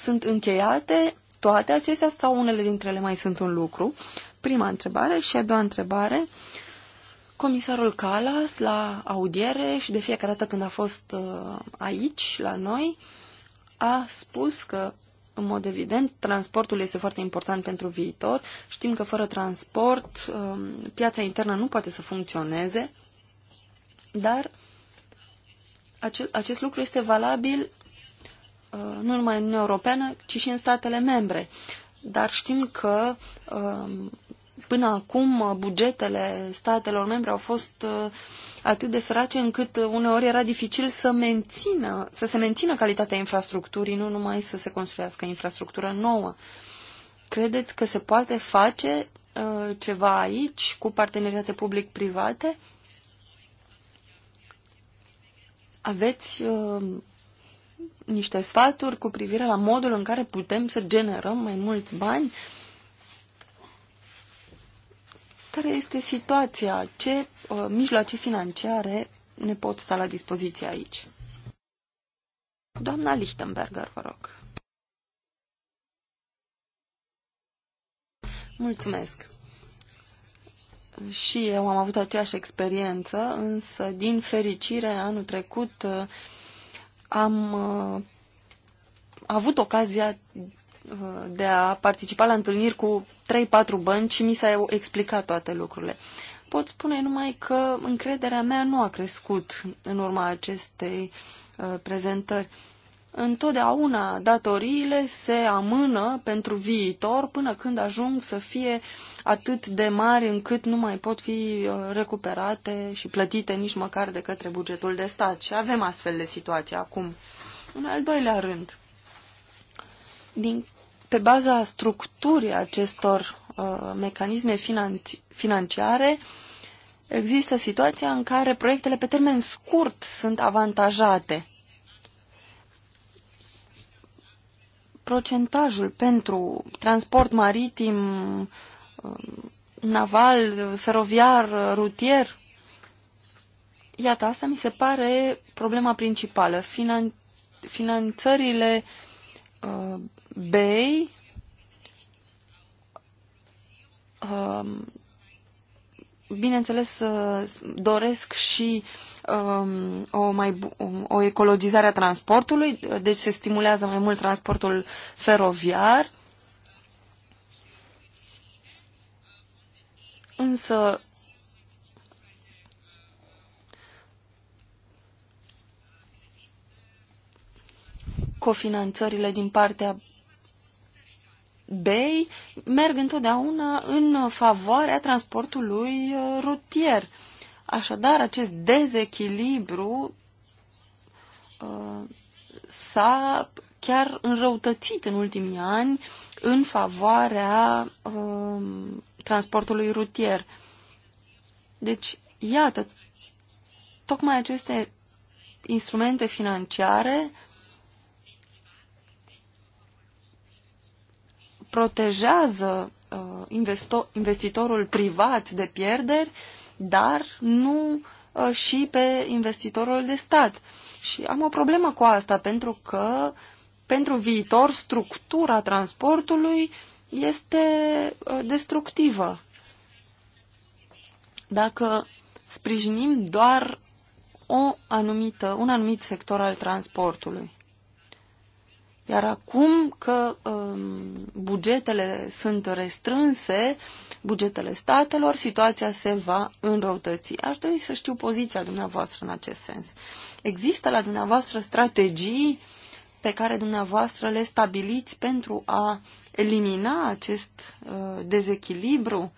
Sunt încheiate toate acestea sau unele dintre ele mai sunt un lucru? Prima întrebare și a doua întrebare. Uh, Comisarul Calas la audiere și de fiecare dată când a fost uh, aici, la noi, a spus că, în mod evident, transportul este foarte important pentru viitor. Știm că fără transport um, piața internă nu poate să funcționeze, dar acest lucru este valabil uh, nu numai în Uniunea Europeană, ci și în statele membre. Dar știm că um, Până acum, uh, bugetele statelor membre au fost uh, atât de sărace încât uh, uneori era dificil să, mențină, să se mențină calitatea infrastructurii, nu numai să se construiască infrastructură nouă. Credeți că se poate face ceva aici cu parteneriate public-private? Aveți uh, niște sfaturi cu privire la modul în care putem să generăm mai mulți bani uh, care este situația? Ce uh, mijloace financiare ne pot sta la dispoziție aici? Doamna Lichtenberger, vă rog. Mulțumesc. Și eu am avut aceeași experiență, însă, din fericire, anul trecut uh, am uh, avut ocazia Uh, de a participa la întâlniri cu 3-4 bănci și mi s a explicat toate lucrurile. Pot spune numai că încrederea mea nu a crescut în urma acestei uh, prezentări. Întotdeauna datoriile se amână pentru viitor până când ajung să fie atât de mari încât nu mai pot fi uh, recuperate și plătite nici măcar de către bugetul de stat. Și avem astfel de situații acum. În al doilea rând, din pe baza structurii acestor uh, mecanisme finanți- financiare, există situația în care proiectele pe termen scurt sunt avantajate. Procentajul pentru transport maritim, uh, naval, feroviar, rutier, iată, asta mi se pare problema principală. Finan finanțările uh, BEI um, bineînțeles, uh, doresc și um, o, mai, um, o ecologizare a transportului, deci se stimulează mai mult transportul feroviar. Însă, cofinanțările din partea bei merg întotdeauna în favoarea transportului uh, rutier. Așadar, acest dezechilibru uh, s-a chiar înrăutățit în ultimii ani în favoarea uh, transportului rutier. Deci, iată, tocmai aceste instrumente financiare protejează uh, investitorul privat de pierderi, dar nu uh, și pe investitorul de stat. Și am o problemă cu asta, pentru că pentru viitor structura transportului este uh, destructivă. Dacă sprijinim doar o anumită, un anumit sector al transportului. Iar acum că um, bugetele sunt restrânse, bugetele statelor, situația se va înrăutăți. Aș dori să știu poziția dumneavoastră în acest sens. Există la dumneavoastră strategii pe care dumneavoastră le stabiliți pentru a elimina acest uh, dezechilibru?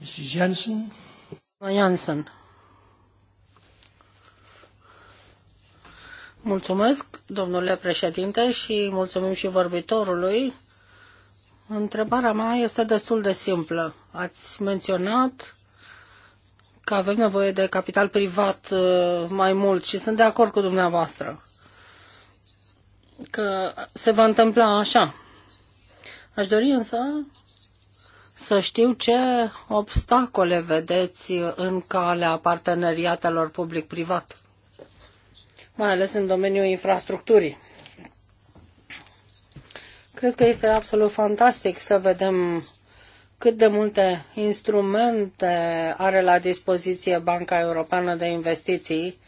Mrs. Jensen. Janssen. Mulțumesc, domnule președinte, și mulțumim și vorbitorului. Întrebarea mea este destul de simplă. Ați menționat că avem nevoie de capital privat uh, mai mult și sunt de acord cu dumneavoastră că se va întâmpla așa. Aș dori însă să știu ce obstacole vedeți în calea parteneriatelor public-privat, mai ales în domeniul infrastructurii. Cred că este absolut fantastic să vedem cât de multe instrumente are la dispoziție Banca Europeană de Investiții,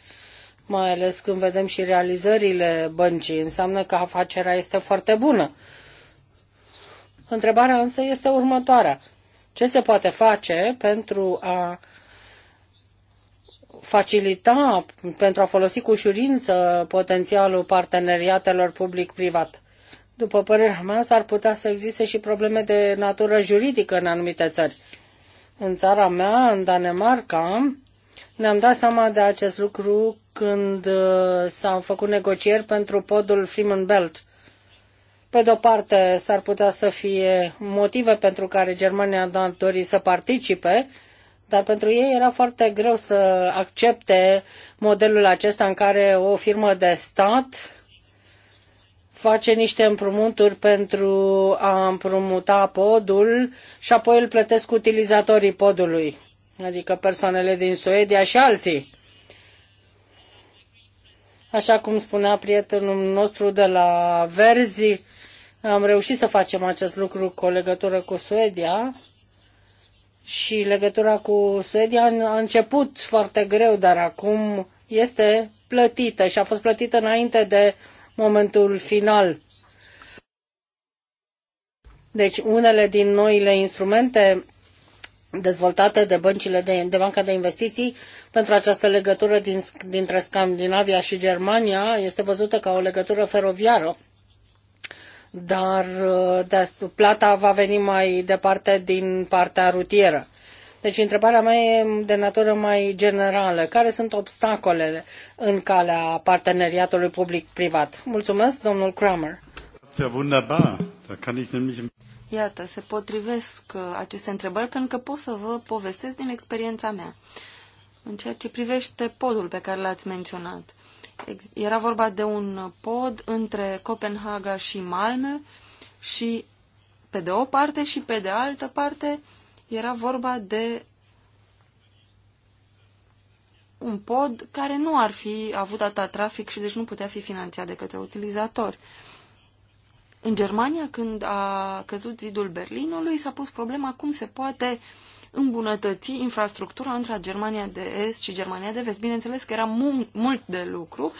mai ales când vedem și realizările băncii. Înseamnă că afacerea este foarte bună Întrebarea însă este următoarea. Ce se poate face pentru a facilita, pentru a folosi cu ușurință potențialul parteneriatelor public-privat? După părerea mea, s-ar putea să existe și probleme de natură juridică în anumite țări. În țara mea, în Danemarca, ne-am dat seama de acest lucru când uh, s-au făcut negocieri pentru podul Freeman Belt. Pe de-o parte, s-ar putea să fie motive pentru care Germania a dori să participe, dar pentru ei era foarte greu să accepte modelul acesta în care o firmă de stat face niște împrumuturi pentru a împrumuta podul și apoi îl plătesc utilizatorii podului, adică persoanele din Suedia și alții. Așa cum spunea prietenul nostru de la Verzi, am reușit să facem acest lucru cu o legătură cu Suedia și legătura cu Suedia a început foarte greu, dar acum este plătită și a fost plătită înainte de momentul final. Deci unele din noile instrumente dezvoltate de băncile de, de banca de investiții pentru această legătură din, dintre Scandinavia și Germania este văzută ca o legătură feroviară dar uh, plata va veni mai departe din partea rutieră. Deci întrebarea mea e de natură mai generală. Care sunt obstacolele în calea parteneriatului public-privat? Mulțumesc, domnul Kramer. Iată, se potrivesc uh, aceste întrebări pentru că pot să vă povestesc din experiența mea în ceea ce privește podul pe care l-ați menționat. Era vorba de un pod între Copenhaga și Malmö și pe de o parte și pe de altă parte era vorba de un pod care nu ar fi avut atât trafic și deci nu putea fi finanțat de către utilizatori. În Germania, când a căzut zidul Berlinului, s-a pus problema cum se poate uh, îmbunătăți infrastructura între Germania de Est și Germania de Vest. Bineînțeles că era mult de lucru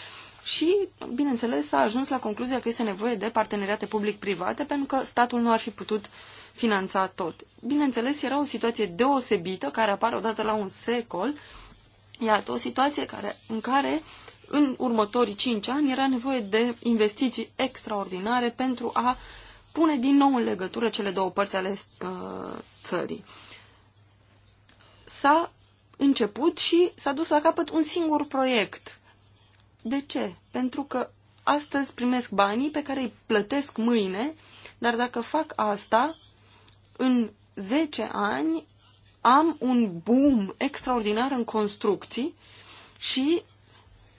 și, bineînțeles, s-a ajuns la concluzia că este nevoie de parteneriate public-private pentru că statul nu ar fi putut finanța tot. Bineînțeles, era o situație deosebită care apare odată la un secol, iată, o situație care, în care în următorii cinci ani era nevoie de investiții extraordinare pentru a pune din nou în legătură cele două părți ale uh, țării s-a început și s-a dus la capăt un singur proiect. De ce? Pentru că astăzi primesc banii pe care îi plătesc mâine, dar dacă fac asta, în 10 ani am un boom extraordinar în construcții și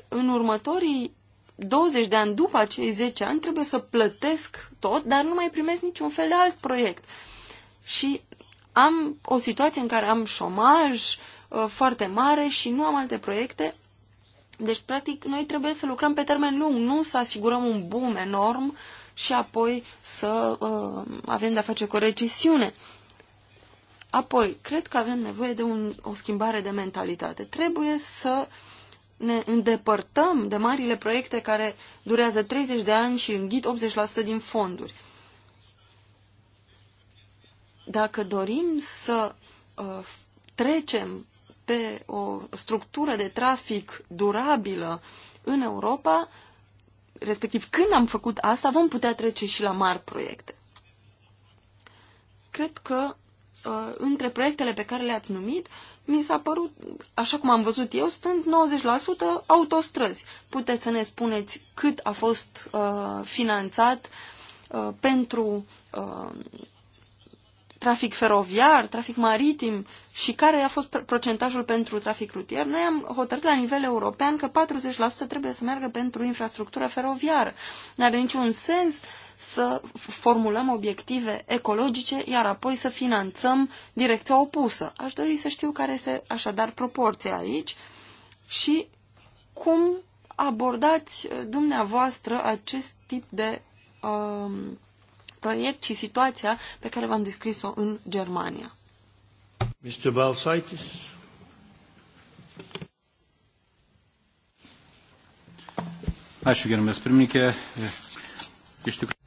în următorii 20 de ani după acei 10 ani trebuie să plătesc tot, dar nu mai primesc niciun fel de alt proiect. Și am o situație în care am șomaj uh, foarte mare și nu am alte proiecte. Deci, practic, noi trebuie să lucrăm pe termen lung, nu să asigurăm un boom enorm și apoi să uh, avem de-a face cu o recesiune. Apoi, cred că avem nevoie de un, o schimbare de mentalitate. Trebuie să ne îndepărtăm de marile proiecte care durează 30 de ani și înghit 80% din fonduri. Dacă dorim să uh, trecem pe o structură de trafic durabilă în Europa, respectiv când am făcut asta, vom putea trece și la mari proiecte. Cred că uh, între proiectele pe care le-ați numit, mi s-a părut, așa cum am văzut eu, stând 90% autostrăzi. Puteți să ne spuneți cât a fost uh, finanțat uh, pentru uh, trafic feroviar, trafic maritim și care a fost procentajul pentru trafic rutier, noi am hotărât la nivel european că 40% trebuie să meargă pentru infrastructură feroviară. Nu are niciun sens să formulăm obiective ecologice, iar apoi să finanțăm direcția opusă. Aș dori să știu care este așadar proporția aici și cum abordați uh, dumneavoastră acest tip de um, proiect, ci situația pe care v-am descris-o în Germania. Mr. Balsaitis. Ačiū, gerbiamas pirmininkė. Iš tikrųjų.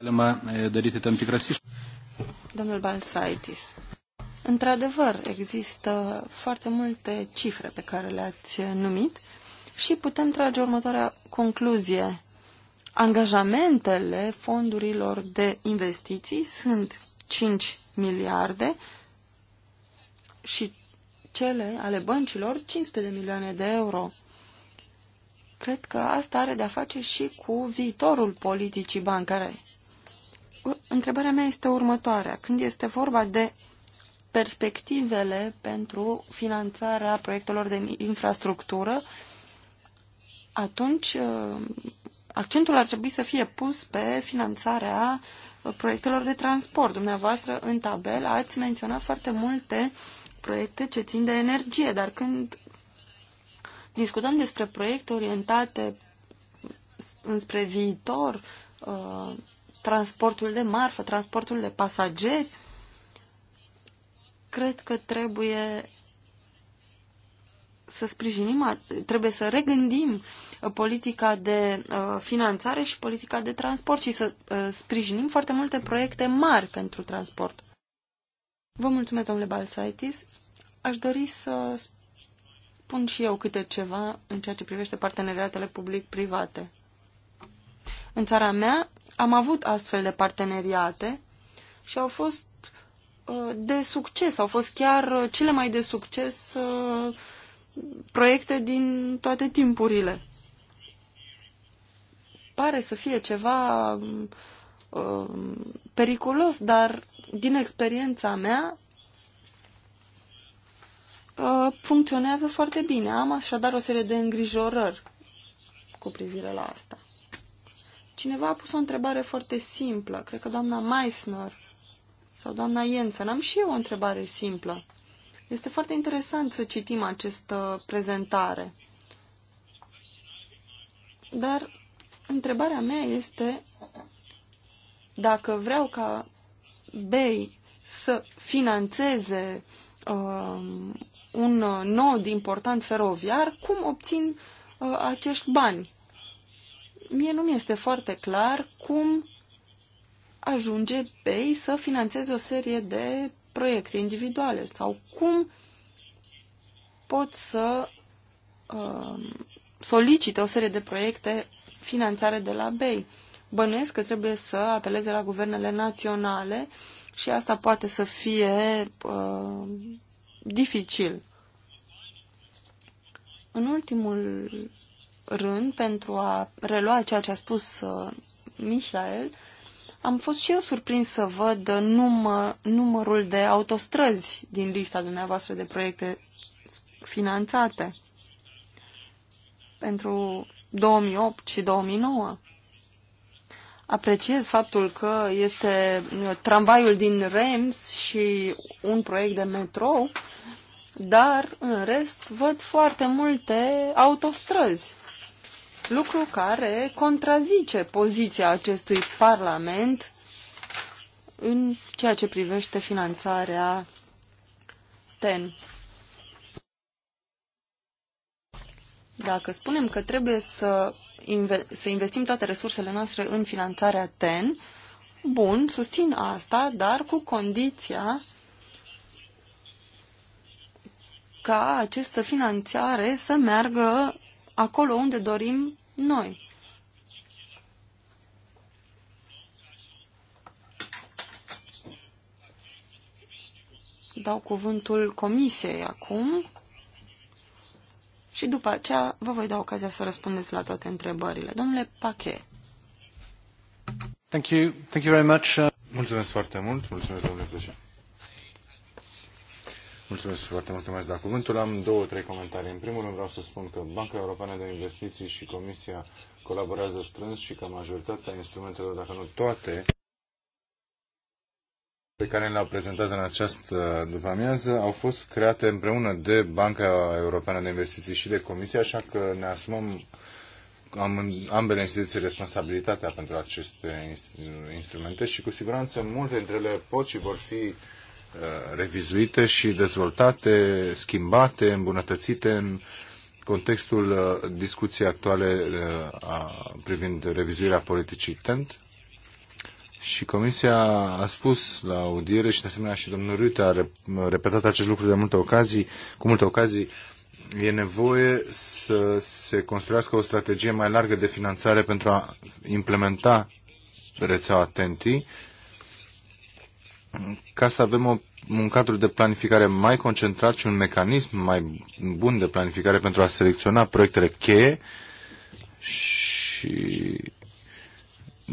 Galima daryti tam tikras išvadas. Domnul Balsaitis. Într-adevăr, există foarte multe cifre pe care le-ați numit și putem trage următoarea concluzie. Angajamentele fondurilor de investiții sunt 5 miliarde și cele ale băncilor 500 de milioane de euro. Cred că asta are de-a face și cu viitorul politicii bancare. Întrebarea mea este următoarea. Când este vorba de perspectivele pentru finanțarea proiectelor de infrastructură, atunci uh, accentul ar trebui să fie pus pe finanțarea uh, proiectelor de transport. Dumneavoastră, în tabel, ați menționat foarte multe proiecte ce țin de energie, dar când discutăm despre proiecte orientate înspre viitor, uh, transportul de marfă, transportul de pasageri, cred că trebuie să sprijinim, trebuie să regândim uh, politica de uh, finanțare și politica de transport și să uh, sprijinim foarte multe proiecte mari pentru transport. Vă mulțumesc, domnule Balsaitis. Aș dori să spun și eu câte ceva în ceea ce privește parteneriatele public-private. În țara mea am avut astfel de parteneriate și au fost de succes, au fost chiar cele mai de succes uh, proiecte din toate timpurile. Pare să fie ceva uh, periculos, dar din experiența mea uh, funcționează foarte bine. Am așadar o serie de îngrijorări cu privire la asta. Cineva a pus o întrebare foarte simplă, cred că doamna Meissner sau doamna Jensen. Am și eu o întrebare simplă. Este foarte interesant să citim această prezentare. Dar întrebarea mea este dacă vreau ca BEI să financeze uh, un nod important feroviar, cum obțin uh, acești bani? Mie nu mi-este foarte clar cum ajunge BEI să financeze o serie de proiecte individuale sau cum pot să uh, solicite o serie de proiecte finanțare de la BEI. Bănuiesc că trebuie să apeleze la guvernele naționale și asta poate să fie uh, dificil. În ultimul rând, pentru a relua ceea ce a spus uh, Michael, uh, am fost și eu surprins să văd număr, numărul de autostrăzi din lista dumneavoastră de proiecte finanțate pentru 2008 și 2009. Apreciez faptul că este uh, tramvaiul din Rems și un proiect de metrou, dar în rest văd foarte multe autostrăzi lucru care contrazice poziția acestui Parlament în ceea ce privește finanțarea TEN. Dacă spunem că trebuie să, inve să investim toate resursele noastre în finanțarea TEN, bun, susțin asta, dar cu condiția ca această finanțare să meargă acolo unde dorim noi. Dau cuvântul comisiei acum și după aceea vă voi da ocazia să răspundeți la toate întrebările. Domnule Pache. Thank you. Thank you very much. Mulțumesc foarte mult. Mulțumesc, domnule președinte. Mulțumesc foarte mult mulțumesc, mi da cuvântul. Am două, trei comentarii. În primul rând vreau să spun că Banca Europeană de Investiții și Comisia colaborează strâns și că majoritatea instrumentelor, dacă nu toate, pe care le-au prezentat în această după-amiază au fost create împreună de Banca Europeană de Investiții și de Comisie, așa că ne asumăm am ambele instituții responsabilitatea pentru aceste instrumente și cu siguranță multe dintre ele pot și vor fi Uh, revizuite și dezvoltate, schimbate, îmbunătățite în contextul uh, discuției actuale uh, privind revizuirea politicii TENT. Și Comisia a spus la audiere și de asemenea și domnul Rute a repetat acest lucru de multe ocazii, cu multe ocazii, e nevoie să se construiască o strategie mai largă de finanțare pentru a implementa rețeaua TENTI ca să avem o, un cadru de planificare mai concentrat și un mecanism mai bun de planificare pentru a selecționa proiectele cheie și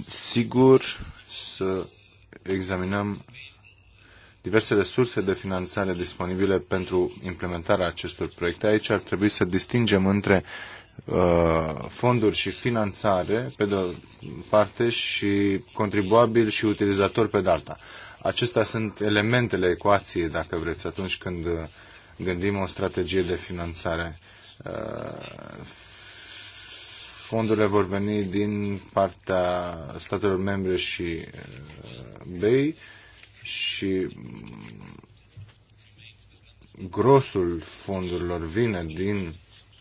sigur să examinăm diversele surse de finanțare disponibile pentru implementarea acestor proiecte. Aici ar trebui să distingem între uh, fonduri și finanțare pe de o parte și contribuabil și utilizator pe de alta. Acestea sunt elementele ecuației, dacă vreți, atunci când uh, gândim o strategie de finanțare. Uh, fondurile vor veni din partea statelor membre și uh, BEI și mm, grosul fondurilor vine din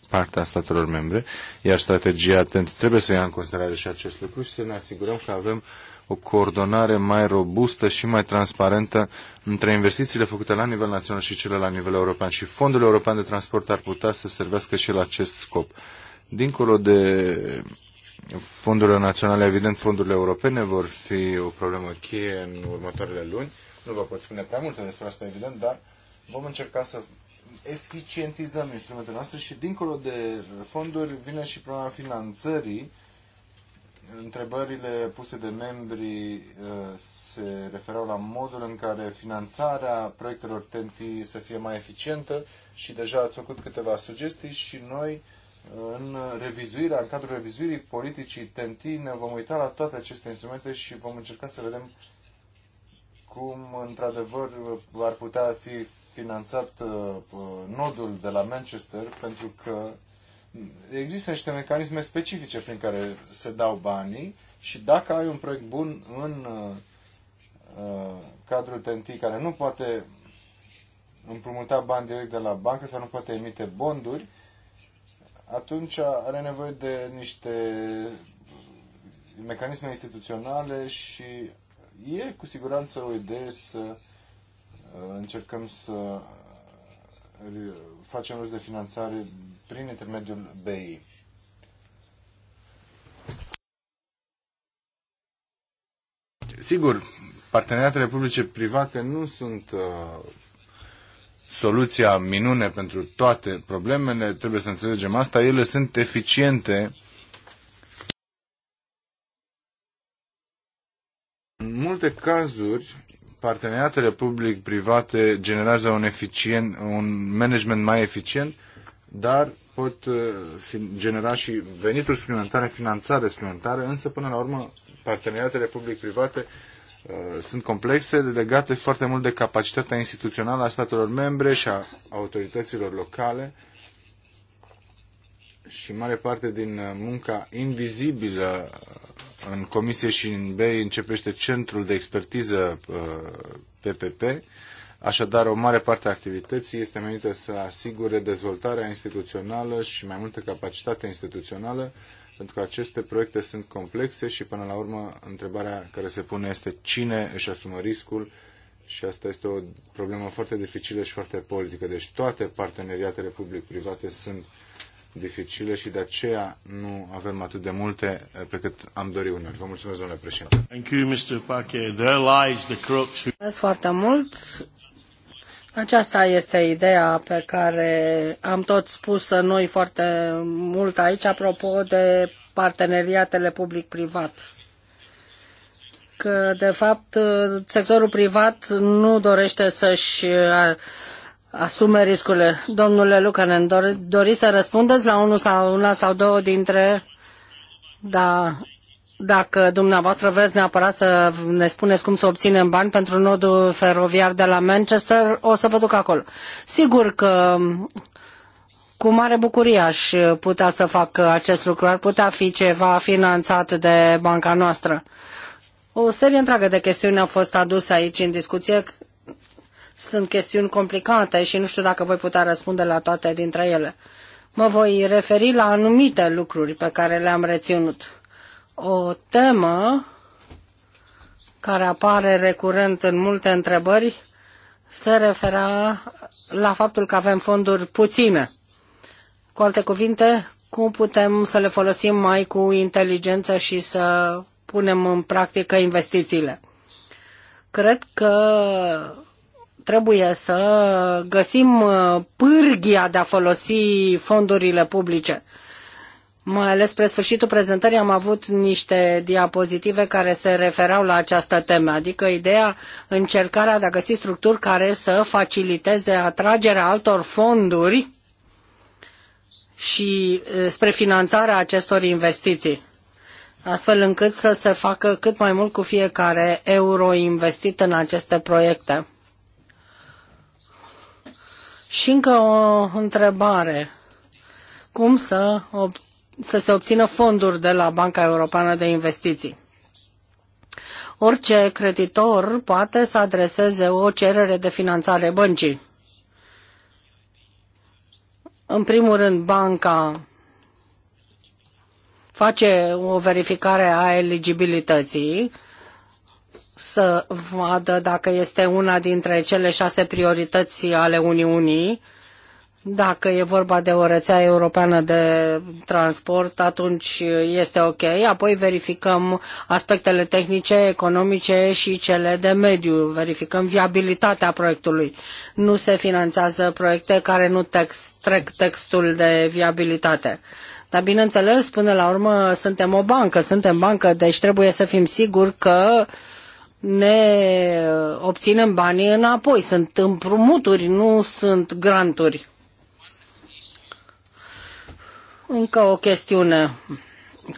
partea statelor membre, iar strategia trebuie să ia în considerare și acest lucru și să ne asigurăm că avem uh, o coordonare mai robustă și mai transparentă între investițiile făcute la nivel național și cele la nivel european. Și Fondul European de Transport ar putea să servească și la acest scop. Dincolo de fondurile naționale, evident, fondurile europene vor fi o problemă cheie în următoarele luni. Nu vă pot spune prea multe despre asta, evident, dar vom încerca să eficientizăm instrumentele noastre și dincolo de fonduri vine și problema finanțării întrebările puse de membri uh, se referau la modul în care finanțarea proiectelor TNT să fie mai eficientă și deja ați făcut câteva sugestii și noi uh, în revizuirea, în cadrul revizuirii politicii TNT ne vom uita la toate aceste instrumente și vom încerca să vedem cum într-adevăr ar putea fi finanțat uh, nodul de la Manchester pentru că există niște mecanisme specifice prin care se dau banii și dacă ai un proiect bun în uh, cadrul TNT care nu poate împrumuta bani direct de la bancă sau nu poate emite bonduri, atunci are nevoie de niște mecanisme instituționale și e cu siguranță o idee să uh, încercăm să facem rost de finanțare prin intermediul BI. Sigur, parteneriatele publice private nu sunt uh, soluția minune pentru toate problemele, trebuie să înțelegem asta, ele sunt eficiente în multe cazuri parteneriatele public-private generează un, eficient, un management mai eficient, dar pot uh, genera și venituri suplimentare, finanțare suplimentare. însă până la urmă parteneriatele public-private uh, sunt complexe, legate foarte mult de capacitatea instituțională a statelor membre și a autorităților locale și mare parte din uh, munca invizibilă uh, în comisie și în BEI începește centrul de expertiză PPP. Uh, Așadar, o mare parte a activității este menită să asigure dezvoltarea instituțională și mai multă capacitate instituțională, pentru că aceste proiecte sunt complexe și, până la urmă, întrebarea care se pune este cine își asumă riscul și asta este o problemă foarte dificilă și foarte politică. Deci toate parteneriatele public-private sunt uh, dificile și de aceea nu avem atât de multe eh, pe cât am dorit uneori. Vă mulțumesc, domnule președinte. Thank you, Mr. Pache. There lies the crux. Mulțumesc foarte mult. Aceasta este ideea pe care am tot spus noi foarte mult aici, apropo de parteneriatele public-privat că, de fapt, sectorul privat nu dorește să-și asume riscurile. Domnule Lucanen, doriți să răspundeți la unul sau una sau două dintre... Da, dacă dumneavoastră vreți neapărat să ne spuneți cum să obținem bani pentru nodul feroviar de la Manchester, o să vă duc acolo. Sigur că cu mare bucurie aș putea să fac acest lucru. Ar putea fi ceva finanțat de banca noastră. O serie întreagă de chestiuni au fost aduse aici în discuție sunt chestiuni complicate și nu știu dacă voi putea răspunde la toate dintre ele. Mă voi referi la anumite lucruri pe care le-am reținut. O temă care apare recurent în multe întrebări se refera la faptul că avem fonduri puține. Cu alte cuvinte, cum putem să le folosim mai cu inteligență și să punem în practică investițiile. Cred că trebuie să găsim uh, pârghia de a folosi fondurile publice. Mai ales spre sfârșitul prezentării am avut niște diapozitive care se referau la această temă, adică ideea, încercarea de a găsi structuri care să faciliteze atragerea altor fonduri și uh, spre finanțarea acestor investiții, astfel încât să se facă cât mai mult cu fiecare euro investit în aceste proiecte. Și încă o întrebare. Cum să, să se obțină fonduri de la Banca Europeană de Investiții? Orice creditor poate să adreseze o cerere de finanțare băncii. În primul rând, banca face o verificare a eligibilității, să vadă dacă este una dintre cele șase priorități ale Uniunii. Dacă e vorba de o rețea europeană de transport, atunci este ok. Apoi verificăm aspectele tehnice, economice și cele de mediu. Verificăm viabilitatea proiectului. Nu se finanțează proiecte care nu text, trec textul de viabilitate. Dar bineînțeles, până la urmă, suntem o bancă, suntem bancă, deci trebuie să fim siguri că uh, ne uh, obținem banii înapoi. Sunt împrumuturi, nu sunt granturi. Încă o chestiune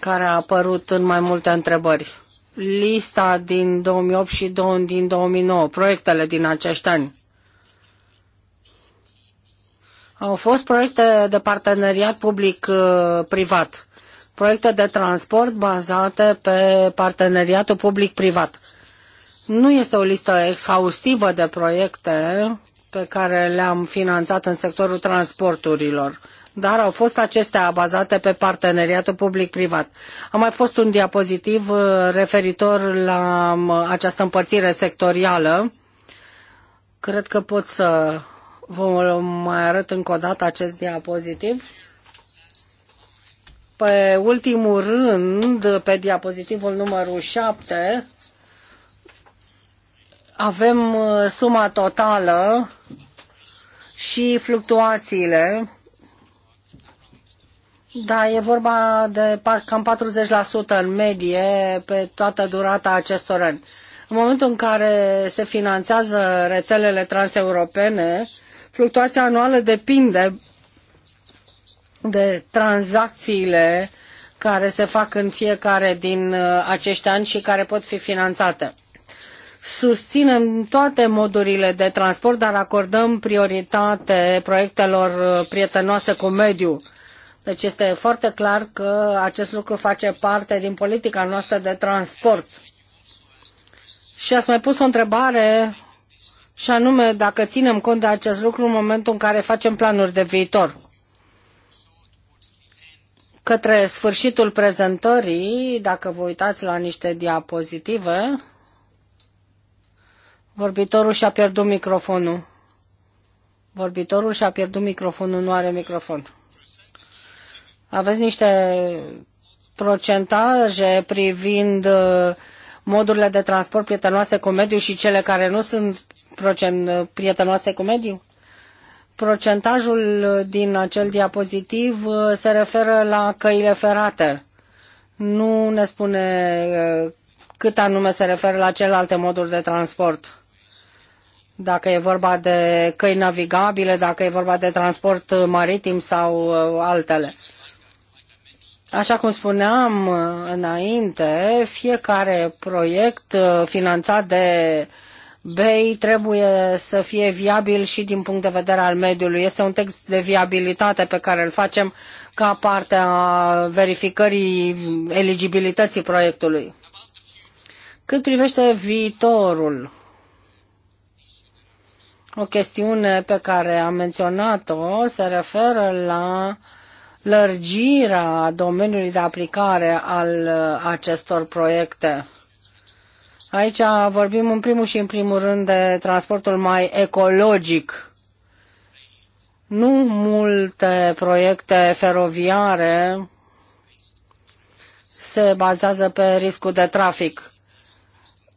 care a apărut în mai multe întrebări. Lista din 2008 și din 2009, proiectele din acești ani. Au fost proiecte de parteneriat public-privat, proiecte de transport bazate pe parteneriatul public-privat nu este o listă exhaustivă de proiecte pe care le-am finanțat în sectorul transporturilor, dar au fost acestea bazate pe parteneriatul public-privat. A mai fost un diapozitiv uh, referitor la um, această împărțire sectorială. Cred că pot să vă mai arăt încă o dată acest diapozitiv. Pe ultimul rând, pe diapozitivul numărul 7, avem uh, suma totală și fluctuațiile. Da, e vorba de cam 40% în medie pe toată durata acestor ani. În momentul în care se finanțează rețelele transeuropene, fluctuația anuală depinde de tranzacțiile care se fac în fiecare din uh, acești ani și care pot fi finanțate susținem toate modurile de transport, dar acordăm prioritate proiectelor uh, prietenoase cu mediul. Deci este foarte clar că acest lucru face parte din politica noastră de transport. Și ați mai pus o întrebare și anume dacă ținem cont de acest lucru în momentul în care facem planuri de viitor. Către sfârșitul prezentării, dacă vă uitați la niște diapozitive, Vorbitorul și-a pierdut microfonul. Vorbitorul și-a pierdut microfonul, nu are microfon. Aveți niște procentaje privind uh, modurile de transport prietenoase cu mediul și cele care nu sunt uh, prietenoase cu mediul? Procentajul din acel diapozitiv uh, se referă la căile ferate. Nu ne spune cât anume se referă la celelalte moduri de transport dacă e vorba de căi navigabile, dacă e vorba de transport maritim sau uh, altele. Așa cum spuneam uh, înainte, fiecare proiect uh, finanțat de BEI trebuie să fie viabil și din punct de vedere al mediului. Este un text de viabilitate pe care îl facem ca parte a verificării eligibilității proiectului. Cât privește viitorul, o chestiune pe care am menționat-o se referă la lărgirea domeniului de aplicare al uh, acestor proiecte. Aici vorbim în primul și în primul rând de transportul mai ecologic. Nu multe proiecte feroviare se bazează pe riscul de trafic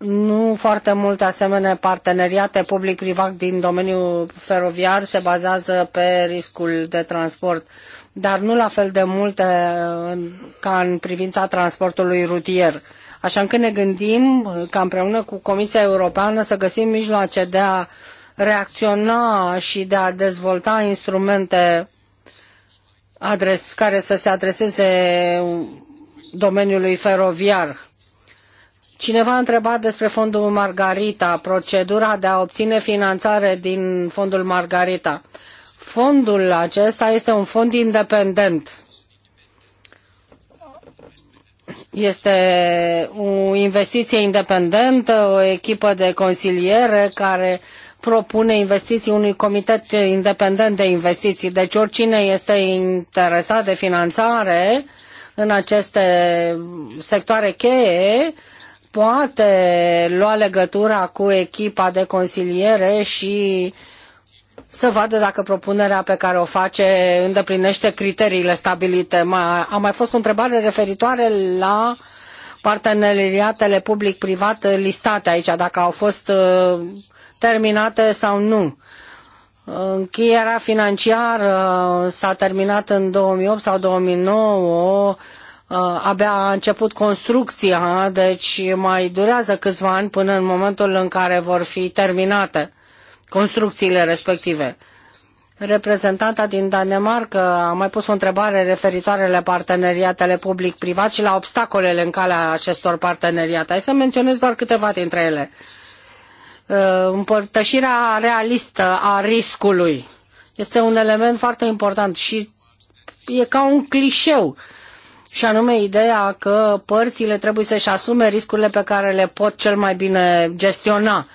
nu foarte multe asemenea parteneriate public-privat din domeniul feroviar se bazează pe riscul de transport, dar nu la fel de multe uh, ca în privința transportului rutier. Așa încât ne gândim ca împreună cu Comisia Europeană să găsim mijloace de a reacționa și de a dezvolta instrumente adres, care să se adreseze domeniului feroviar Cineva a întrebat despre fondul Margarita, procedura de a obține finanțare din fondul Margarita. Fondul acesta este un fond independent. Este o investiție independentă, o echipă de consiliere care propune investiții unui comitet independent de investiții. Deci oricine este interesat de finanțare în aceste sectoare cheie, poate lua legătura cu echipa de consiliere și să vadă dacă propunerea pe care o face îndeplinește criteriile stabilite. A mai fost o întrebare referitoare la parteneriatele public-privat listate aici, dacă au fost uh, terminate sau nu. Încheierea financiară s-a terminat în 2008 sau 2009 Uh, abia a început construcția, deci mai durează câțiva ani până în momentul în care vor fi terminate construcțiile respective. Reprezentanta din Danemarca a mai pus o întrebare referitoare la parteneriatele public-privat și la obstacolele în calea acestor parteneriate. Hai să menționez doar câteva dintre ele. Uh, împărtășirea realistă a riscului este un element foarte important și e ca un clișeu și anume ideea că părțile trebuie să-și asume riscurile pe care le pot cel mai bine gestiona.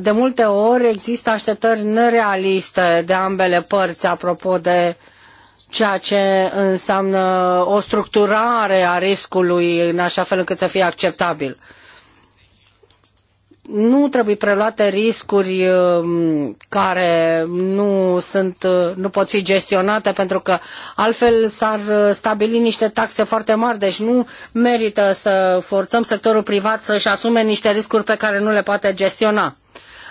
De multe ori există așteptări nerealiste de ambele părți apropo de ceea ce înseamnă o structurare a riscului în așa fel încât să fie acceptabil nu trebuie preluate riscuri um, care nu, sunt, uh, nu pot fi gestionate pentru că altfel s-ar uh, stabili niște taxe foarte mari, deci nu merită să forțăm sectorul privat să-și asume niște riscuri pe care nu le poate gestiona.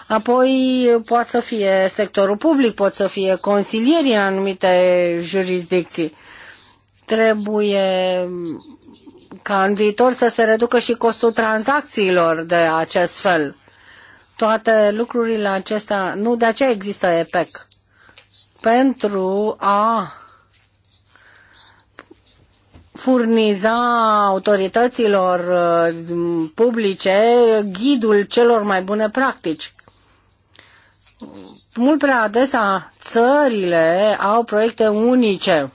Apoi uh, poate să fie sectorul public, pot să fie consilieri în anumite jurisdicții. Trebuie um, ca în viitor să se reducă și costul tranzacțiilor de acest fel. Toate lucrurile acestea, nu de aceea există EPEC. Pentru a furniza autorităților uh, publice ghidul celor mai bune practici. Mult prea adesea țările au proiecte unice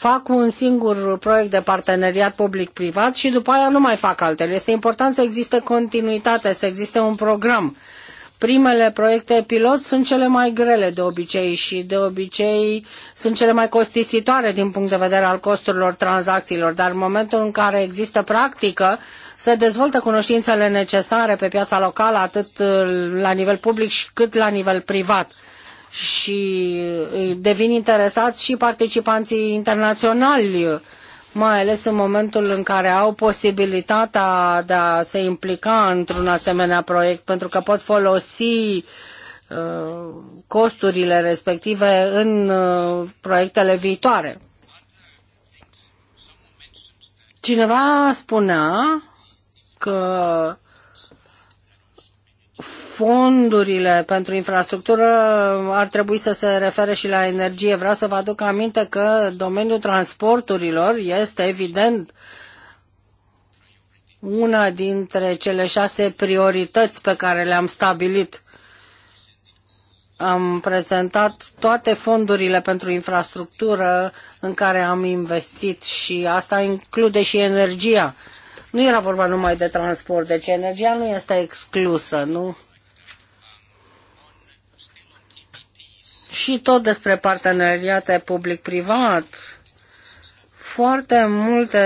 fac un singur proiect de parteneriat public-privat și după aia nu mai fac altele. Este important să existe continuitate, să existe un program. Primele proiecte pilot sunt cele mai grele de obicei și de obicei sunt cele mai costisitoare din punct de vedere al costurilor tranzacțiilor, dar în momentul în care există practică, se dezvoltă cunoștințele necesare pe piața locală, atât la nivel public cât la nivel privat și devin interesați și participanții internaționali, mai ales în momentul în care au posibilitatea de a se implica într-un asemenea proiect, pentru că pot folosi costurile respective în proiectele viitoare. Cineva spunea că fondurile pentru infrastructură ar trebui să se refere și la energie. Vreau să vă aduc aminte că domeniul transporturilor este evident una dintre cele șase priorități pe care le-am stabilit. Am prezentat toate fondurile pentru infrastructură în care am investit și asta include și energia. Nu era vorba numai de transport, deci energia nu este exclusă, nu? și tot despre parteneriate public-privat. Foarte multe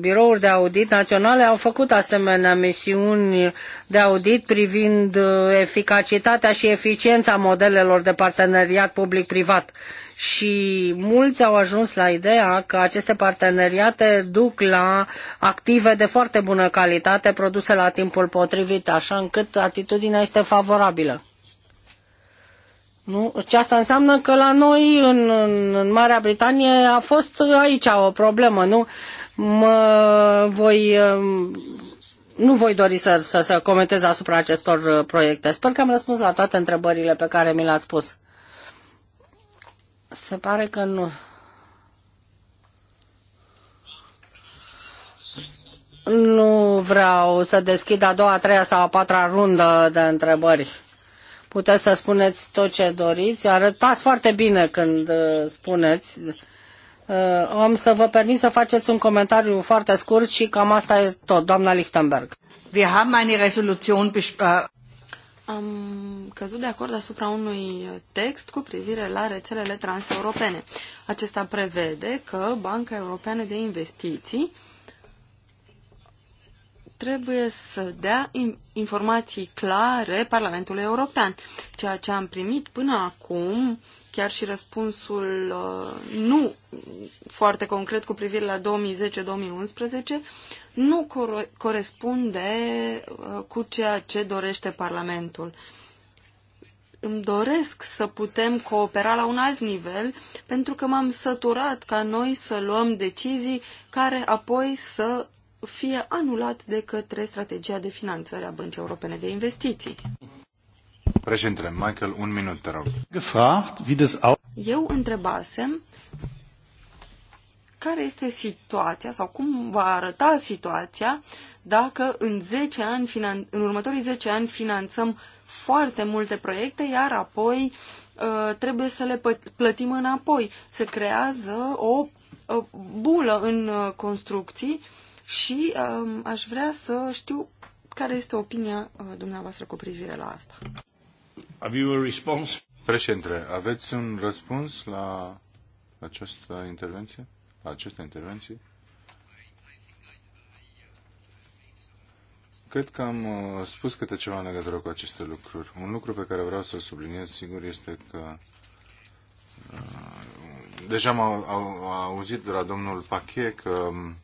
birouri de audit naționale au făcut asemenea misiuni de audit privind uh, eficacitatea și eficiența modelelor de parteneriat public-privat. Și mulți au ajuns la ideea că aceste parteneriate duc la active de foarte bună calitate produse la timpul potrivit, așa încât atitudinea este favorabilă. Nu? Ce deci asta înseamnă că la noi, în, în, în Marea Britanie, a fost aici o problemă, nu? Mă voi, um, nu voi dori să, să, să comentez asupra acestor uh, proiecte. Sper că am răspuns la toate întrebările pe care mi le-ați pus. Se pare că nu. Nu vreau să deschid a doua, a treia sau a patra rundă de întrebări. Puteți să spuneți tot ce doriți. Arătați foarte bine când uh, spuneți. Uh, am să vă permit să faceți un comentariu foarte scurt și cam asta e tot, doamna Lichtenberg. Uh, am căzut de acord asupra unui text cu privire la rețelele transeuropene. Acesta prevede că Banca Europeană de Investiții trebuie să dea informații clare Parlamentului European. Ceea ce am primit până acum, chiar și răspunsul uh, nu foarte concret cu privire la 2010-2011, nu corespunde uh, cu ceea ce dorește Parlamentul îmi doresc să putem coopera la un alt nivel, pentru că m-am săturat ca noi să luăm decizii care apoi să fie anulat de către strategia de finanțare a Băncii Europene de Investiții. Președintele Michael, un minut, te rog. Eu întrebasem care este situația sau cum va arăta situația dacă în, 10 ani, în următorii 10 ani finanțăm foarte multe proiecte, iar apoi ă, trebuie să le plătim înapoi. Se creează o bulă în ă, construcții uh, și um, aș vrea să știu care este opinia uh, dumneavoastră cu privire la asta. Have you a response? Președinte, aveți un răspuns la această intervenție? La această intervenție? Cred că am uh, spus câte ceva în legătură cu aceste lucruri. Un lucru pe care vreau să-l subliniez, sigur, este că uh, deja am auzit de la domnul Pache că um,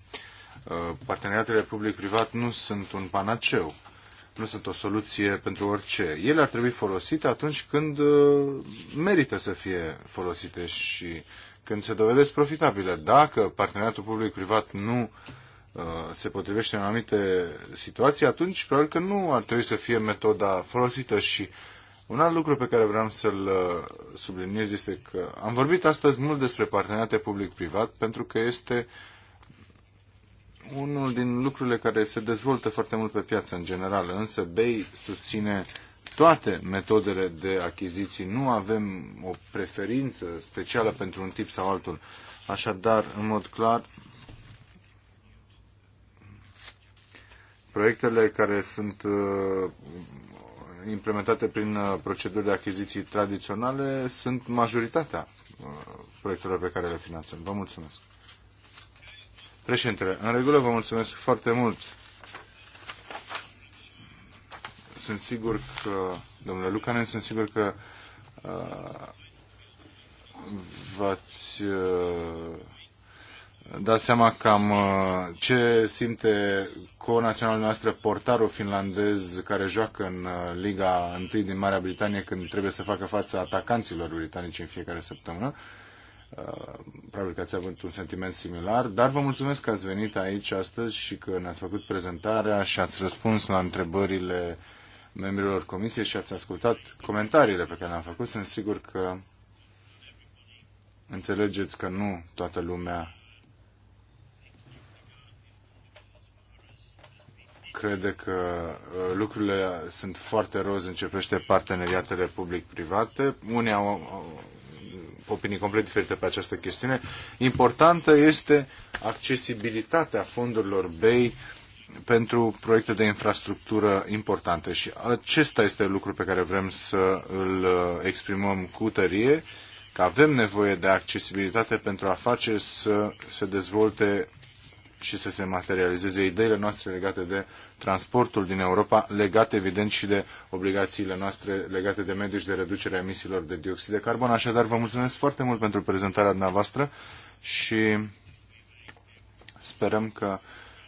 Uh, parteneriatele public-privat nu sunt un panaceu, nu sunt o soluție pentru orice. Ele ar trebui folosite atunci când uh, merită să fie folosite și când se dovedesc profitabile. Dacă parteneriatul public-privat nu uh, se potrivește în anumite situații, atunci probabil că nu ar trebui să fie metoda folosită și un alt lucru pe care vreau să-l subliniez este că am vorbit astăzi mult despre parteneriate public-privat pentru că este uh, unul din lucrurile care se dezvoltă foarte mult pe piață în general, însă BEI susține toate metodele de achiziții. Nu avem o preferință specială pentru un tip sau altul. Așadar, în mod clar, proiectele care sunt uh, implementate prin uh, proceduri de achiziții tradiționale sunt majoritatea uh, proiectelor pe care le finanțăm. Vă mulțumesc. Președintele, în regulă vă mulțumesc foarte mult. Sunt sigur că, domnule Lucanen, sunt sigur că uh, v-ați uh, dat seama cam uh, ce simte co-naționalul noastră portarul finlandez care joacă în uh, Liga 1 din Marea Britanie când trebuie să facă față atacanților britanici în fiecare săptămână. Uh, Uh, probabil că ați avut un sentiment similar, dar vă mulțumesc că ați venit aici astăzi și că ne-ați făcut prezentarea și ați răspuns la întrebările membrilor comisiei și ați ascultat comentariile pe care le-am făcut. Sunt sigur că înțelegeți că nu toată lumea crede că uh, lucrurile sunt foarte roz în ce privește parteneriatele public-private. Unii au, opinii complet diferite pe această chestiune. Importantă este accesibilitatea fondurilor BEI pentru proiecte de infrastructură importante și acesta este lucru pe care vrem să îl exprimăm cu tărie, că avem nevoie de accesibilitate pentru a face să se dezvolte și să se materializeze ideile noastre legate de transportul din Europa, legat evident și de obligațiile noastre legate de mediu și de reducerea emisiilor de dioxid de carbon. Așadar, vă mulțumesc foarte mult pentru prezentarea dumneavoastră și sperăm că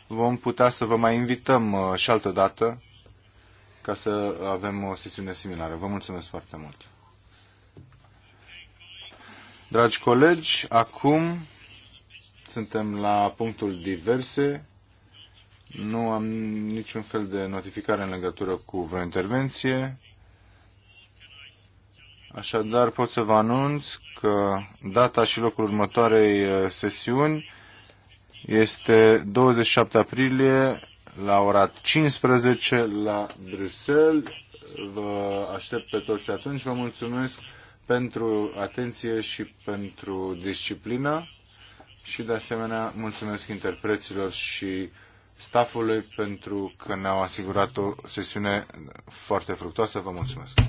vom putea să vă mai invităm uh, și altă dată ca să avem o sesiune similară. Vă mulțumesc foarte mult. Dragi colegi, acum suntem la punctul diverse. Nu am niciun fel de notificare în legătură cu vreo intervenție. Așadar, pot să vă anunț că data și locul următoarei uh, sesiuni este 27 aprilie la ora 15 la Bruxelles. Vă aștept pe toți atunci. Vă mulțumesc pentru atenție și pentru disciplină și de asemenea mulțumesc interpreților și staffului pentru că ne-au asigurat o sesiune foarte fructoasă. Vă mulțumesc!